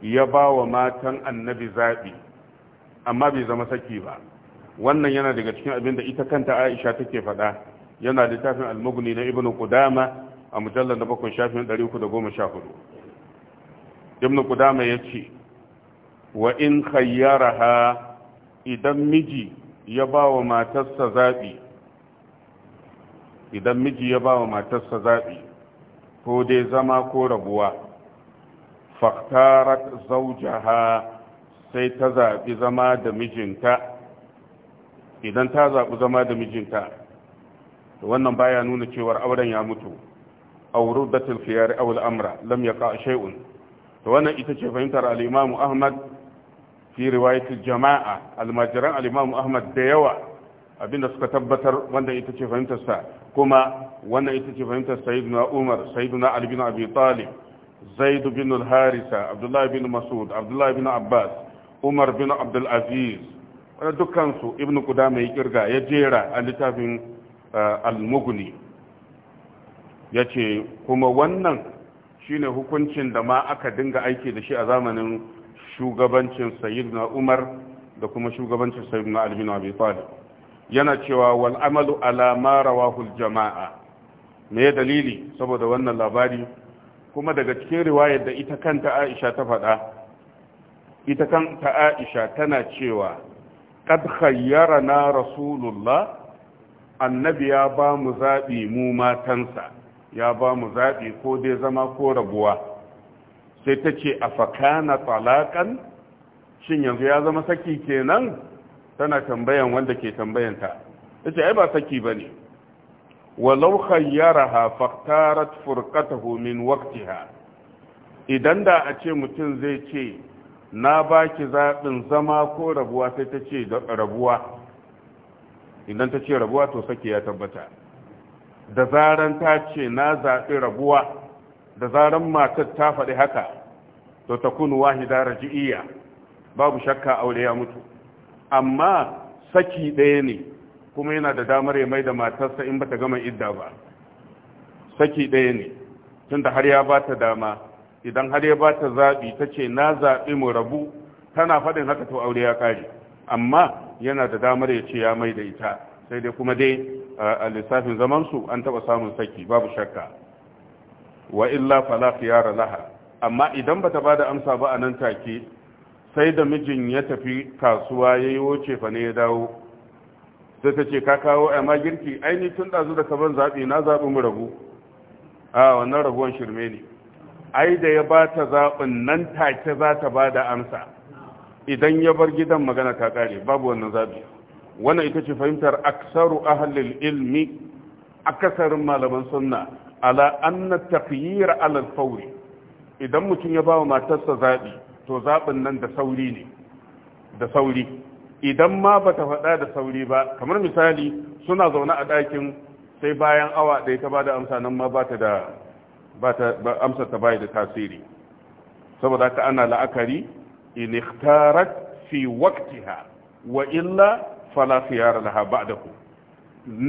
ya ba wa matan annabi zaɓi amma bai zama saki ba wannan yana daga cikin abin da ita kanta aisha take faɗa yana littafin almugni na ibn qudama a mujallar na bakwai shafin 314 ibn qudama ya ce wa in khayyaraha idan miji ya ba wa matarsa zaɓi idan miji ya ba wa matarsa zaɓi ko dai zama ko rabuwa faktarat zaujaha sai ta zaɓi zama da mijinta idan ta zaɓi zama da mijinta wannan baya nuna cewar auren ya mutu auru da tilfiyar awul amra lam ya ka shay'un to wannan ita ce fahimtar al-imamu ahmad fi riwayatul jama'a almajiran al-imamu ahmad da yawa abinda suka tabbatar wanda ita ce fahimtar sa kuma wannan ita ce fahimtar sayyiduna umar sayyiduna ali bin abi talib zaid bin al-harisa abdullah bin mas'ud abdullah bin abbas umar bin abdul aziz wannan dukkan su ibnu qudama ya kirga ya jera a littafin al-mughni yace kuma wannan shine hukuncin da ma aka dinga aiki da shi a zamanin shugabancin sayyidina Umar da kuma shugabancin sayyidina Ali bin Abi Talib yana cewa wal amalu ala ma jamaa me dalili saboda wannan labari kuma daga cikin riwayar da ita kanta Aisha ta faɗa ita kanta Aisha tana cewa qad na rasulullah annabi ya ba mu zaɓi mu matansa ya ba mu zaɓi ko dai zama ko rabuwa sai ta ce a fakana talakan shin yanzu ya zama saki kenan tana tambayan wanda ke tambayanta ta ce ai ba saki ba ne walau ha faktarat furqatahu min waqtiha idan da a ce mutum zai ce na baki zaɓin zama ko rabuwa sai ta ce rabuwa idan ta ce rabuwa to sake ya tabbata da zaran ta ce na zaɓi rabuwa da zaran matar ta faɗi haka to ta kunu wahida rajiiya babu shakka aure ya mutu amma saki ɗaya ne kuma yana da damar ya mai da matarsa in ba ta gama idda ba saki ɗaya ne tunda har ya ba ta dama idan har ya ba ta zaɓi ta ce na zaɓi mu rabu tana faɗin haka to aure ya ƙare amma yana da damar ya ce ya mai da ita sai dai kuma dai a lissafin zamansu an taba samun saki babu shakka wa illa fala khiyara laha amma idan bata ba da amsa ba a nan take sai da mijin ya tafi kasuwa ya yi wuce fa ne ya dawo sai ta ce ka kawo a ma girki aini tun ɗazu da kaban zaɓi na zaɓi mu rabu a wannan raguwan shirme ne ai da ya ba ta zaɓin nan take za ta ba da amsa idan ya bar gidan magana ta kare babu wannan zabi wannan ita ce fahimtar aksaru ahlil ilmi akasarin malaman sunna ala anna taqyir ala al idan mutum ya ba wa matarsa zabi to zabin nan da sauri ne da sauri idan ma bata faɗa da sauri ba kamar misali suna zaune a ɗakin sai bayan awa ɗaya ta bada amsa nan ma bata da ta amsa ta bai da tasiri saboda haka ana la'akari in ikhtarat fi waqtiha wa illa fala khiyara laha ba'dahu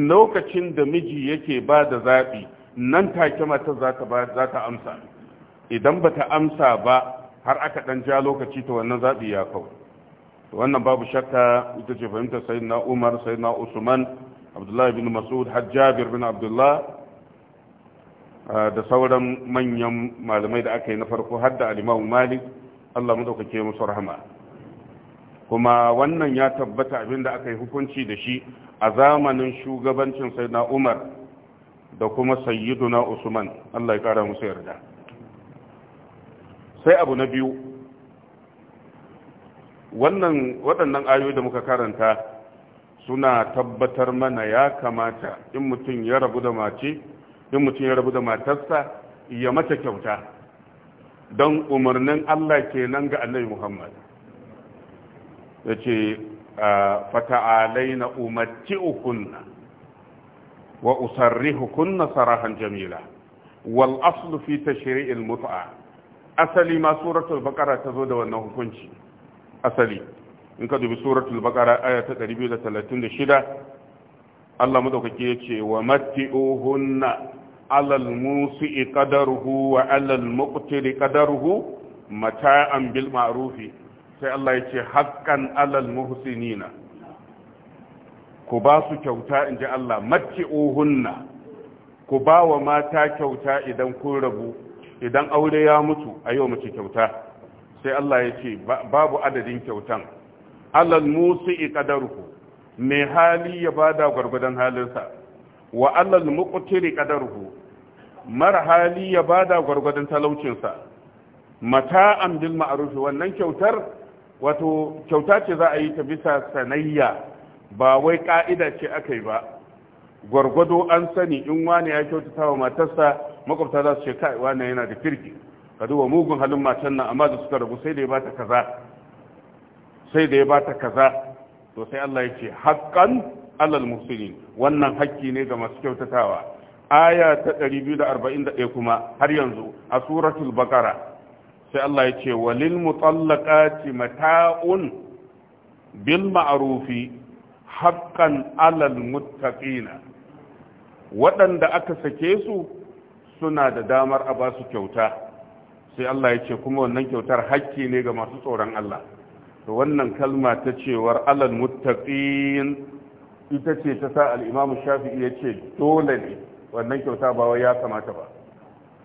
lokacin da miji yake ba da zabi nan take mata za ta ba za ta amsa idan ba ta amsa ba har aka dan ja lokaci to wannan zabi ya kau wannan babu shakka ita ce fahimtar sayyidina Umar sayyidina Usman Abdullah ibn Mas'ud Hajjabir bin Abdullah da sauran manyan malamai da aka yi na farko har da al-Imam Malik Allah mu dauke musu rahama kuma wannan ya tabbata abinda aka yi hukunci da shi a zamanin shugabancin sayyidina Umar da kuma sayyiduna Usman Allah ya kara musu yarda sai abu na biyu wannan waɗannan ayoyi da muka karanta suna tabbatar mana ya kamata in mutum ya rabu da mace in mutum ya rabu da matarsa ya mata kyauta don umarnin Allah kenan ga annabi Muhammad ya ce fata'alai na umarci ukunna wa usarri hukunna sarahan jamila wal aslu fi tashri'il mut'a asali ma suratul baqara ta zo da wannan hukunci asali in ka dubi suratul baqara aya ta 236 Allah madaukake ya ce wa matti'uhunna alal musi qadaruhu wa alal muqtiri qadaruhu mata'an sai Allah yace haqqan alal muhsinina ku ba su kyauta inji Allah matti'uhunna ku ba wa mata kyauta idan kun rabu idan aure ya mutu a yau mace kyauta sai Allah ya ce babu adadin kyautan alal musi qadaruhu mai hali ya bada gwargwadon halinsa wa alal muqtiri qadaruhu mara hali ya bada gwargwadon talaucinsa am bil ma'ruf wannan kyautar wato kyauta ce za a yi ta bisa sanayya ba wai ka'ida ce aka yi ba gargado an sani in wani ya kyautata wa matarsa makwabta za su ce kai wani yana da kirki ka duba mugun halin matan nan amma da suka rabu sai da ya bata kaza sai kaza to sai Allah ya ce haƙƙan alal musulin wannan hakki ne ga masu kyautatawa aya ta 241 kuma har yanzu a suratul bakara sai Allah ya ce walil mutallaqati mata'un bil ma'rufi haqqan alal muttaqina waɗanda aka sake su suna da damar a ba su kyauta sai Allah ya ce kuma wannan kyautar hakki ne ga masu tsoron Allah to wannan kalma ta cewar alal muttaqin ita ce ta sa al'imamu shafi'i ya ce dole ne wannan kyauta ba ya kamata ba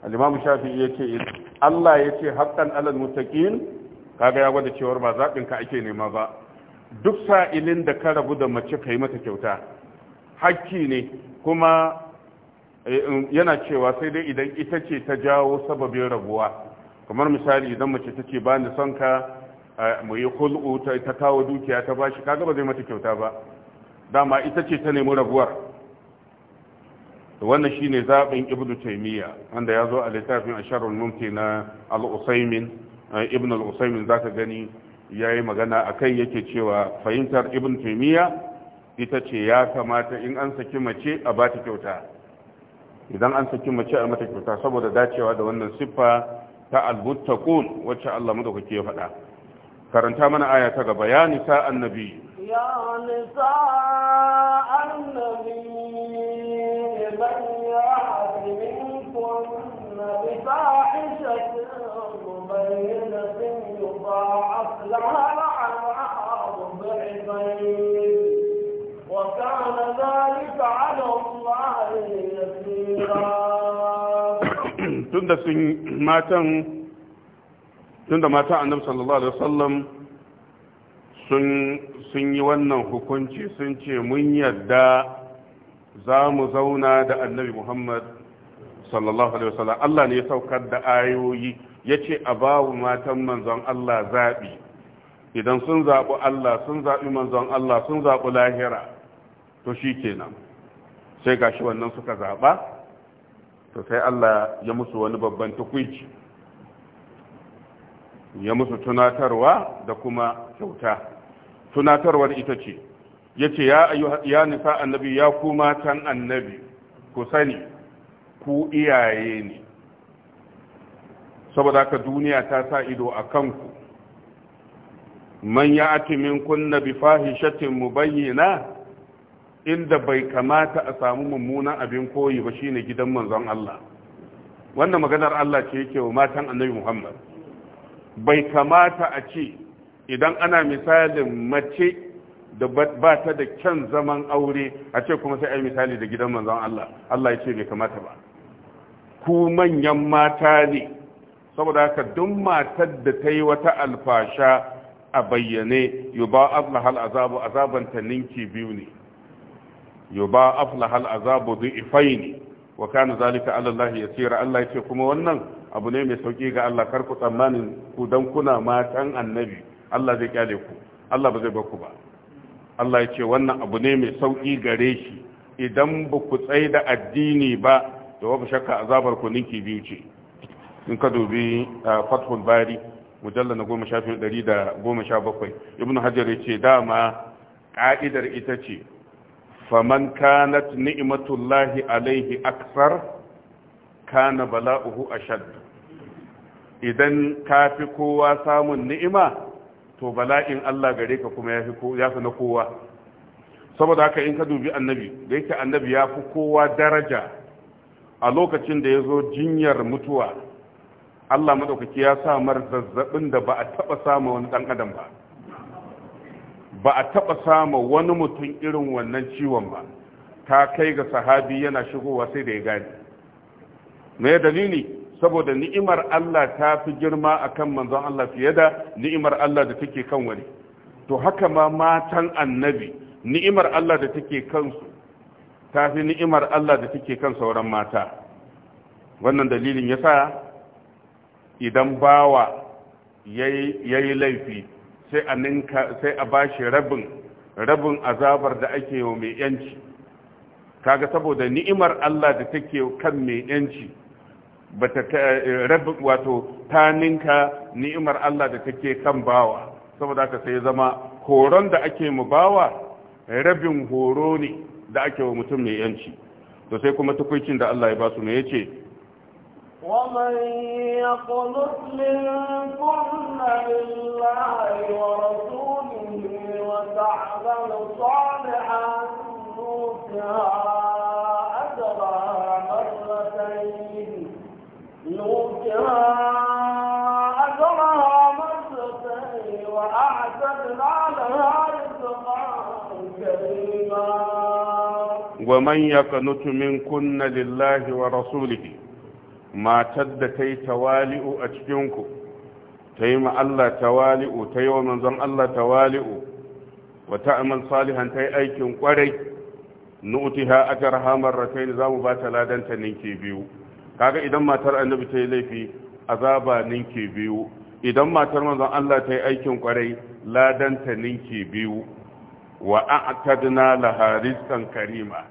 al'imamu shafi'i ya ce Allah ya ce haƙƙan alal mutaƙin kaga ya gwada cewar ba zaɓin ka ake nema ba duk sa'ilin da ka rabu da mace ka yi mata kyauta hakki ne kuma eh, um, yana cewa sai dai idan ita ce ta jawo sababin rabuwa kamar misali idan mace ta ce ba ni son ka eh, mu yi hulɓu ta kawo dukiya ta bashi kaga ba zai mata kyauta ba dama ita ce ta nemi rabuwar wannan shine zabin ibnu taimiyya wanda ya zo a littafin asharul mumti na al-usaimin eh, ibn al-usaimin zaka gani yayi magana akan yake cewa fahimtar ibnu taimiyya ita ce ya kamata in an saki mace a ba ta kyauta idan an saki mace a mata kyauta saboda dacewa da wannan siffa ta al wacce Allah mu da kuke faɗa karanta mana aya ta bayani ya nisa annabi يا نساء النبي من يعد منكن بفاحشة مبينة يضاعف لها العذاب ضعفين وكان ذلك على الله يسيرا tunda sun matan tunda mata annabi sallallahu alaihi wasallam sun yi wannan hukunci sun ce mun yadda za mu zauna da annabi muhammad sallallahu alaihi wasallam Allah ne ya saukar da ayoyi ya ce a babu matan manzon Allah zaɓi idan sun zaɓi Allah sun zaɓi manzon Allah sun zaɓi lahira to shi kenan sai gashi wannan suka zaɓa to sai Allah ya musu wani babban tukwici ya musu tunatarwa da kuma kyauta tunatarwar ita ce ya ce ya nisa annabi ya ku matan annabi ku sani ku iyaye ne saboda haka duniya ta sa ido a kanku man ya min kunna bi fahishatin bayyana inda bai kamata a samu mummunan abin koyi ba shine gidan manzon Allah wannan maganar Allah ce yake wa matan Annabi Muhammad bai kamata a ce idan ana misalin mace da ba ta da kyan zaman aure a ce kuma sai a yi misali da gidan manzon Allah Allah ya ce bai kamata ba ku manyan mata ne saboda haka duk matar da ta yi wata alfasha a bayyane yuba hal azabu azaban ta ninki biyu ne yuba hal azabu ne wa kanu zalika Allah Allah tsira Allah ce kuma wannan abu ne mai sauki ga Allah kar ku tsammanin ku dan kuna matan annabi Allah zai kyale ku Allah ba zai ku ba Allah ya ce wannan abu ne mai sauki gare shi idan ba ku tsaye da addini ba da wabu shakka azabar ku ninki biyu ce in ka dubi fathul bari mujalla na goma shafin ɗari da goma sha bakwai ibn hajar ya ce dama ƙa'idar ita ce faman kanat ni'matullahi alaihi aksar kana bala'uhu ashad idan ka fi kowa samun ni'ima to bala'in Allah gare ka kuma ya fi na kowa saboda haka in ka dubi annabi da yake annabi ya fi kowa daraja a lokacin da ya zo jinyar mutuwa Allah maɗaukaki ya samar zazzabin da ba a taɓa sama wani ɗan adam ba ba a taɓa sama wani mutum irin wannan ciwon ba ta kai ga sahabi yana shigowa sai da ya gane me dalili saboda ni'imar Allah ta fi girma akan manzon Allah fiye da ni'imar Allah da take kan wani to haka ma matan annabi ni'imar Allah da take kansu ta fi ni'imar Allah da take kan sauran mata wannan dalilin ya sa idan bawa ya yi laifi sai a ninka sai bashi rabin rabin azabar da ake yi mai yanci kaga saboda ni'imar Allah da take kan mai yanci bata eh, rabu wato ta ninka ni'imar Allah da take kan bawa saboda haka sai zama horon da ake mu bawa rabin horo ne da ake wa mutum mai yanci to sai kuma tukuicin da Allah ya ba su ne yace ومن يقنط منكن لله ورسوله وتعمل صالحا نؤتها أجرها مرتين وأعتدنا لها رزقا كريما ومن يقنت منكن لله ورسوله ما تد تي توالئ أتجنكم تيم الله توالئ تيوم من الله توالئ وتعمل صالحا تي أيكم قريب nu'tiha ajraha marratayn za mu bata ladanta ninki biyu kaga idan matar annabi ta yi laifi azaba ninki biyu idan matar manzon Allah ta yi aikin kwarai ladanta ninki biyu wa a'tadna laha rizqan karima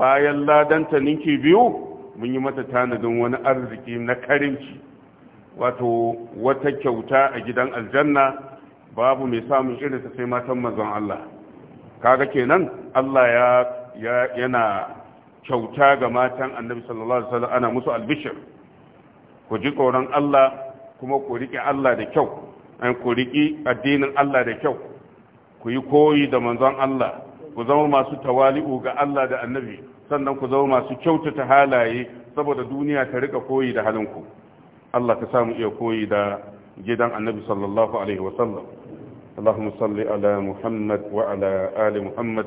bayan ladanta ninki biyu mun yi mata tanadin wani arziki na karimci wato wata kyauta a gidan aljanna babu mai samun irin ta sai matan manzon Allah kaga kenan Allah ya yana kyauta ga matan annabi sallallahu alaihi wasallam ana musu albishir ku ji tsoron Allah kuma ku riƙe Allah da kyau an ku riƙi addinin Allah da kyau ku yi koyi da manzon Allah ku zama masu tawali'u ga Allah da annabi sannan ku zama masu kyautata halaye saboda duniya ta rika koyi da halinku Allah ka samu iya koyi da gidan annabi sallallahu alaihi wasallam اللهم صل على محمد وعلى محمد